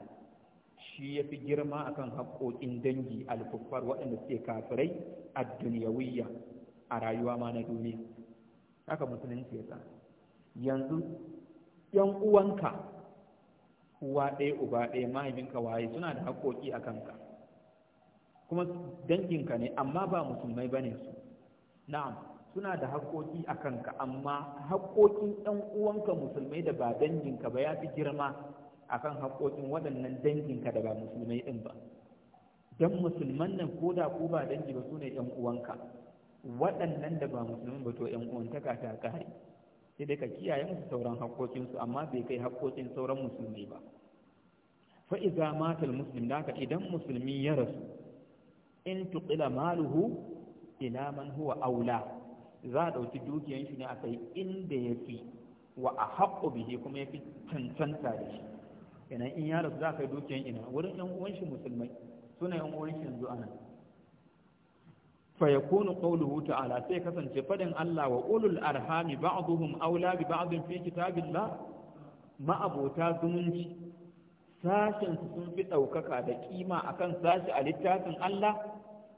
shi ya fi girma akan haƙoƙin dangi al waɗanda suke kafirai ad-dunyawiyya a rayuwa ma na duniya haka musulunci ya yanzu yan uwanka uwa ɗaya uba ɗaya mahaifinka waye suna da haƙoƙi a kanka kuma danginka ne amma ba musulmai ba ne su na'am suna da haƙoƙi a kanka amma haƙoƙin 'yan uwanka musulmai da ba danginka ba ya fi girma akan haƙoƙin waɗannan danginka da ba musulmai ɗin ba dan musulman nan ko da ko ba dangi ba su ne ‘yan uwanka waɗannan da ba musulman ba to ‘yan ka ta ƙare sai dai ka kiyaye musu sauran haƙƙoƙinsu amma bai kai haƙƙoƙin sauran musulmi ba fa matar matal muslim da haka idan musulmi ya rasu in tuqila maluhu ila man huwa aula za a ɗauki dukiyan shi ne a kai inda ya fi wa a haƙƙo bihi kuma ya fi cancanta da shi kenan in ya rasu za a kai dukiyan ina wurin yan uwan shi musulmai suna yan uwan shi yanzu anan fa yakunu qawluhu ta'ala sai kasance fadin Allah wa ulul arhami ba'dhum aula bi ba'dhin fi kitabillah ma'abota zumunci sashen su sun fi ɗaukaka da kima akan sashi a littafin Allah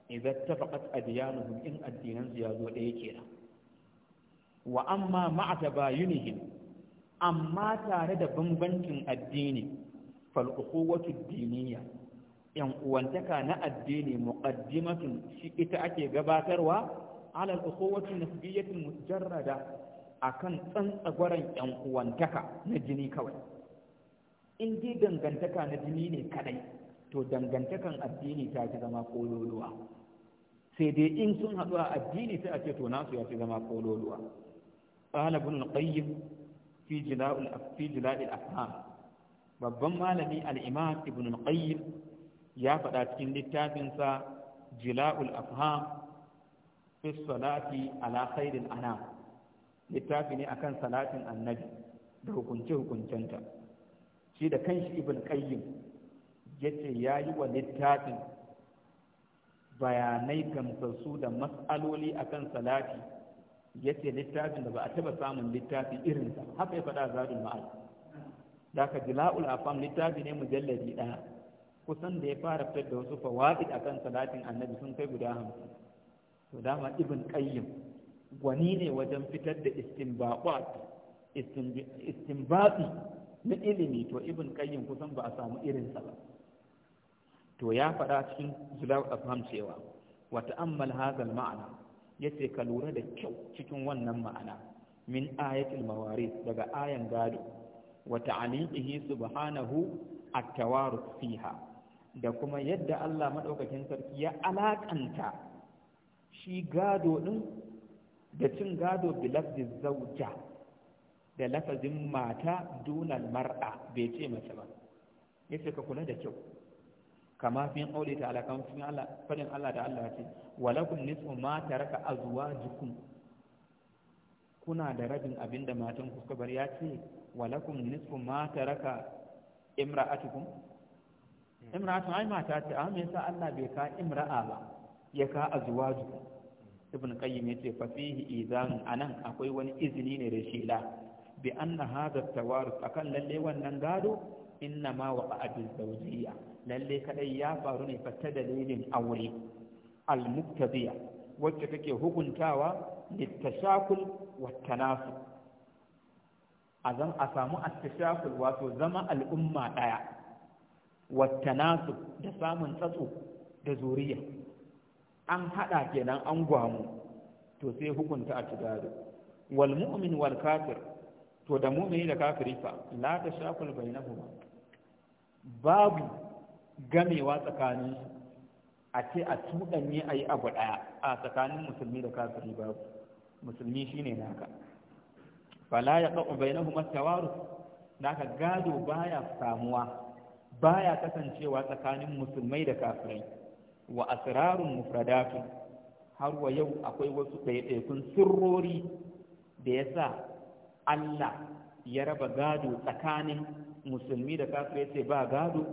idza tafaqat adyanuhum in addinan su ya zo ɗaya kenan wa amma ma'a tabayunihim amma tare da bambancin addini fal ukhuwatu diniyya yan uwantaka na addini muqaddimatun shi ita ake gabatarwa ala al-ukhuwati nasbiyyatin mujarrada akan tsantsagwaran yan uwantaka na jini kawai in dai dangantaka na jini ne kadai to dangantakan addini ta ci zama kololuwa sai dai in sun haɗu a addini sai a ce to nasu ya ci zama kololuwa qala ibn al-qayyim fi jila'il afham babban malami al-imam ibn al-qayyim ya faɗa cikin littafinsa jila'ul afham fi salati ala khairil anam littafi ne akan salatin annabi da hukunce hukuncenta shi da kanshi ibn qayyim yace ya yi wa littafin bayanai gamsassu da mas'aloli akan salati yace littafin da ba a taba samun littafi irinsa haka ya faɗa zadul ma'ad da ka jila'ul afham littafi ne mujalladi ɗaya kusan da ya fara fitar da wasu fawaid akan salatin annabi sun kai guda hamsin to dama ibn qayyim gwani ne wajen fitar da istinbaqat istinbaqi na ilimi to ibn qayyim kusan ba a samu irin sa ba to ya fada cikin zulal afham cewa wa ta'ammal hadha al-ma'na yace ka lura da kyau cikin wannan ma'ana min ayatil mawarid daga ayan gado wa ta'aliqihi subhanahu at-tawarus fiha da kuma yadda Allah maɗaukakin sarki ya alaƙanta shi gado ɗin da cin gado bilafdi zauja da lafazin mata dunal mar'a bai ce mace ba ya ce ka kula da kyau kama fi aure ta alaƙan fadin Allah da Allah ce walakun nisfu ma taraka azwajukum kuna da rabin abinda da matan kuka bar ya ce walakum nisfu ma taraka imra'atukum Mm. imra'atun ai mata ce amma yasa Allah bai ka imra'a ba ya ka azwaju ibn qayyim yace fa fihi idan anan akwai wani izini ne da shi shela bi anna hadha tawarus akan lalle wannan gado inna ma waqa'a bil zawjiyya lalle kadai ya faru ne fa ta dalilin aure al muktadiya wacce take hukuntawa litashakul wa tanasu a a samu attashakul wato zama al'umma daya wattanasu da samun tsatso da zuriya an haɗa kenan an gwamu to sai hukunta a cigado wal mu'min wal kafir to da mu'mini da kafiri fa la ta shakul bainahuma babu gamewa tsakanin a ce a tudanye a yi abu ɗaya a tsakanin musulmi da kafiri babu musulmi shine naka fala ya ƙa'u bainahuma tawarus naka gado baya samuwa baya kasancewa tsakanin musulmai da kafirai wa asrarun mufradatu har wa yau akwai wasu ɗaiɗaikun sirrori da ya sa Allah ya raba gado tsakanin musulmi da kafirai sai ba gado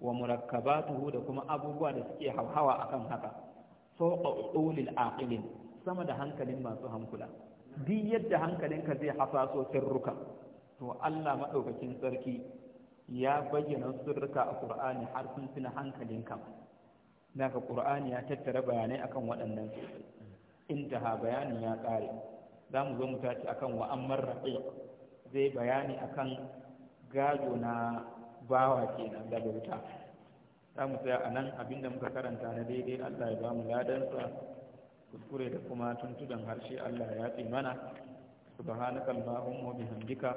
wa murakkabatuhu da kuma abubuwa da suke hauhawa akan haka fawqa ulil aqilin sama da hankalin masu hankula duk yadda hankalinka zai so sirruka to Allah madaukakin sarki ya bayyana sirrika a ƙur'ani har sun suna hankalin kan daga ƙur'ani ya tattara bayanai akan waɗannan ha bayanin ya ƙare za mu zo mu tashi akan wa'ammar rafi zai bayani akan gado na bawa kenan daga wuta za mu tsaya a nan abinda muka karanta na daidai allah ya ba mu ladansa kuskure da kuma tuntudan harshe allah ya fi mana subhanakallahumma wa bihamdika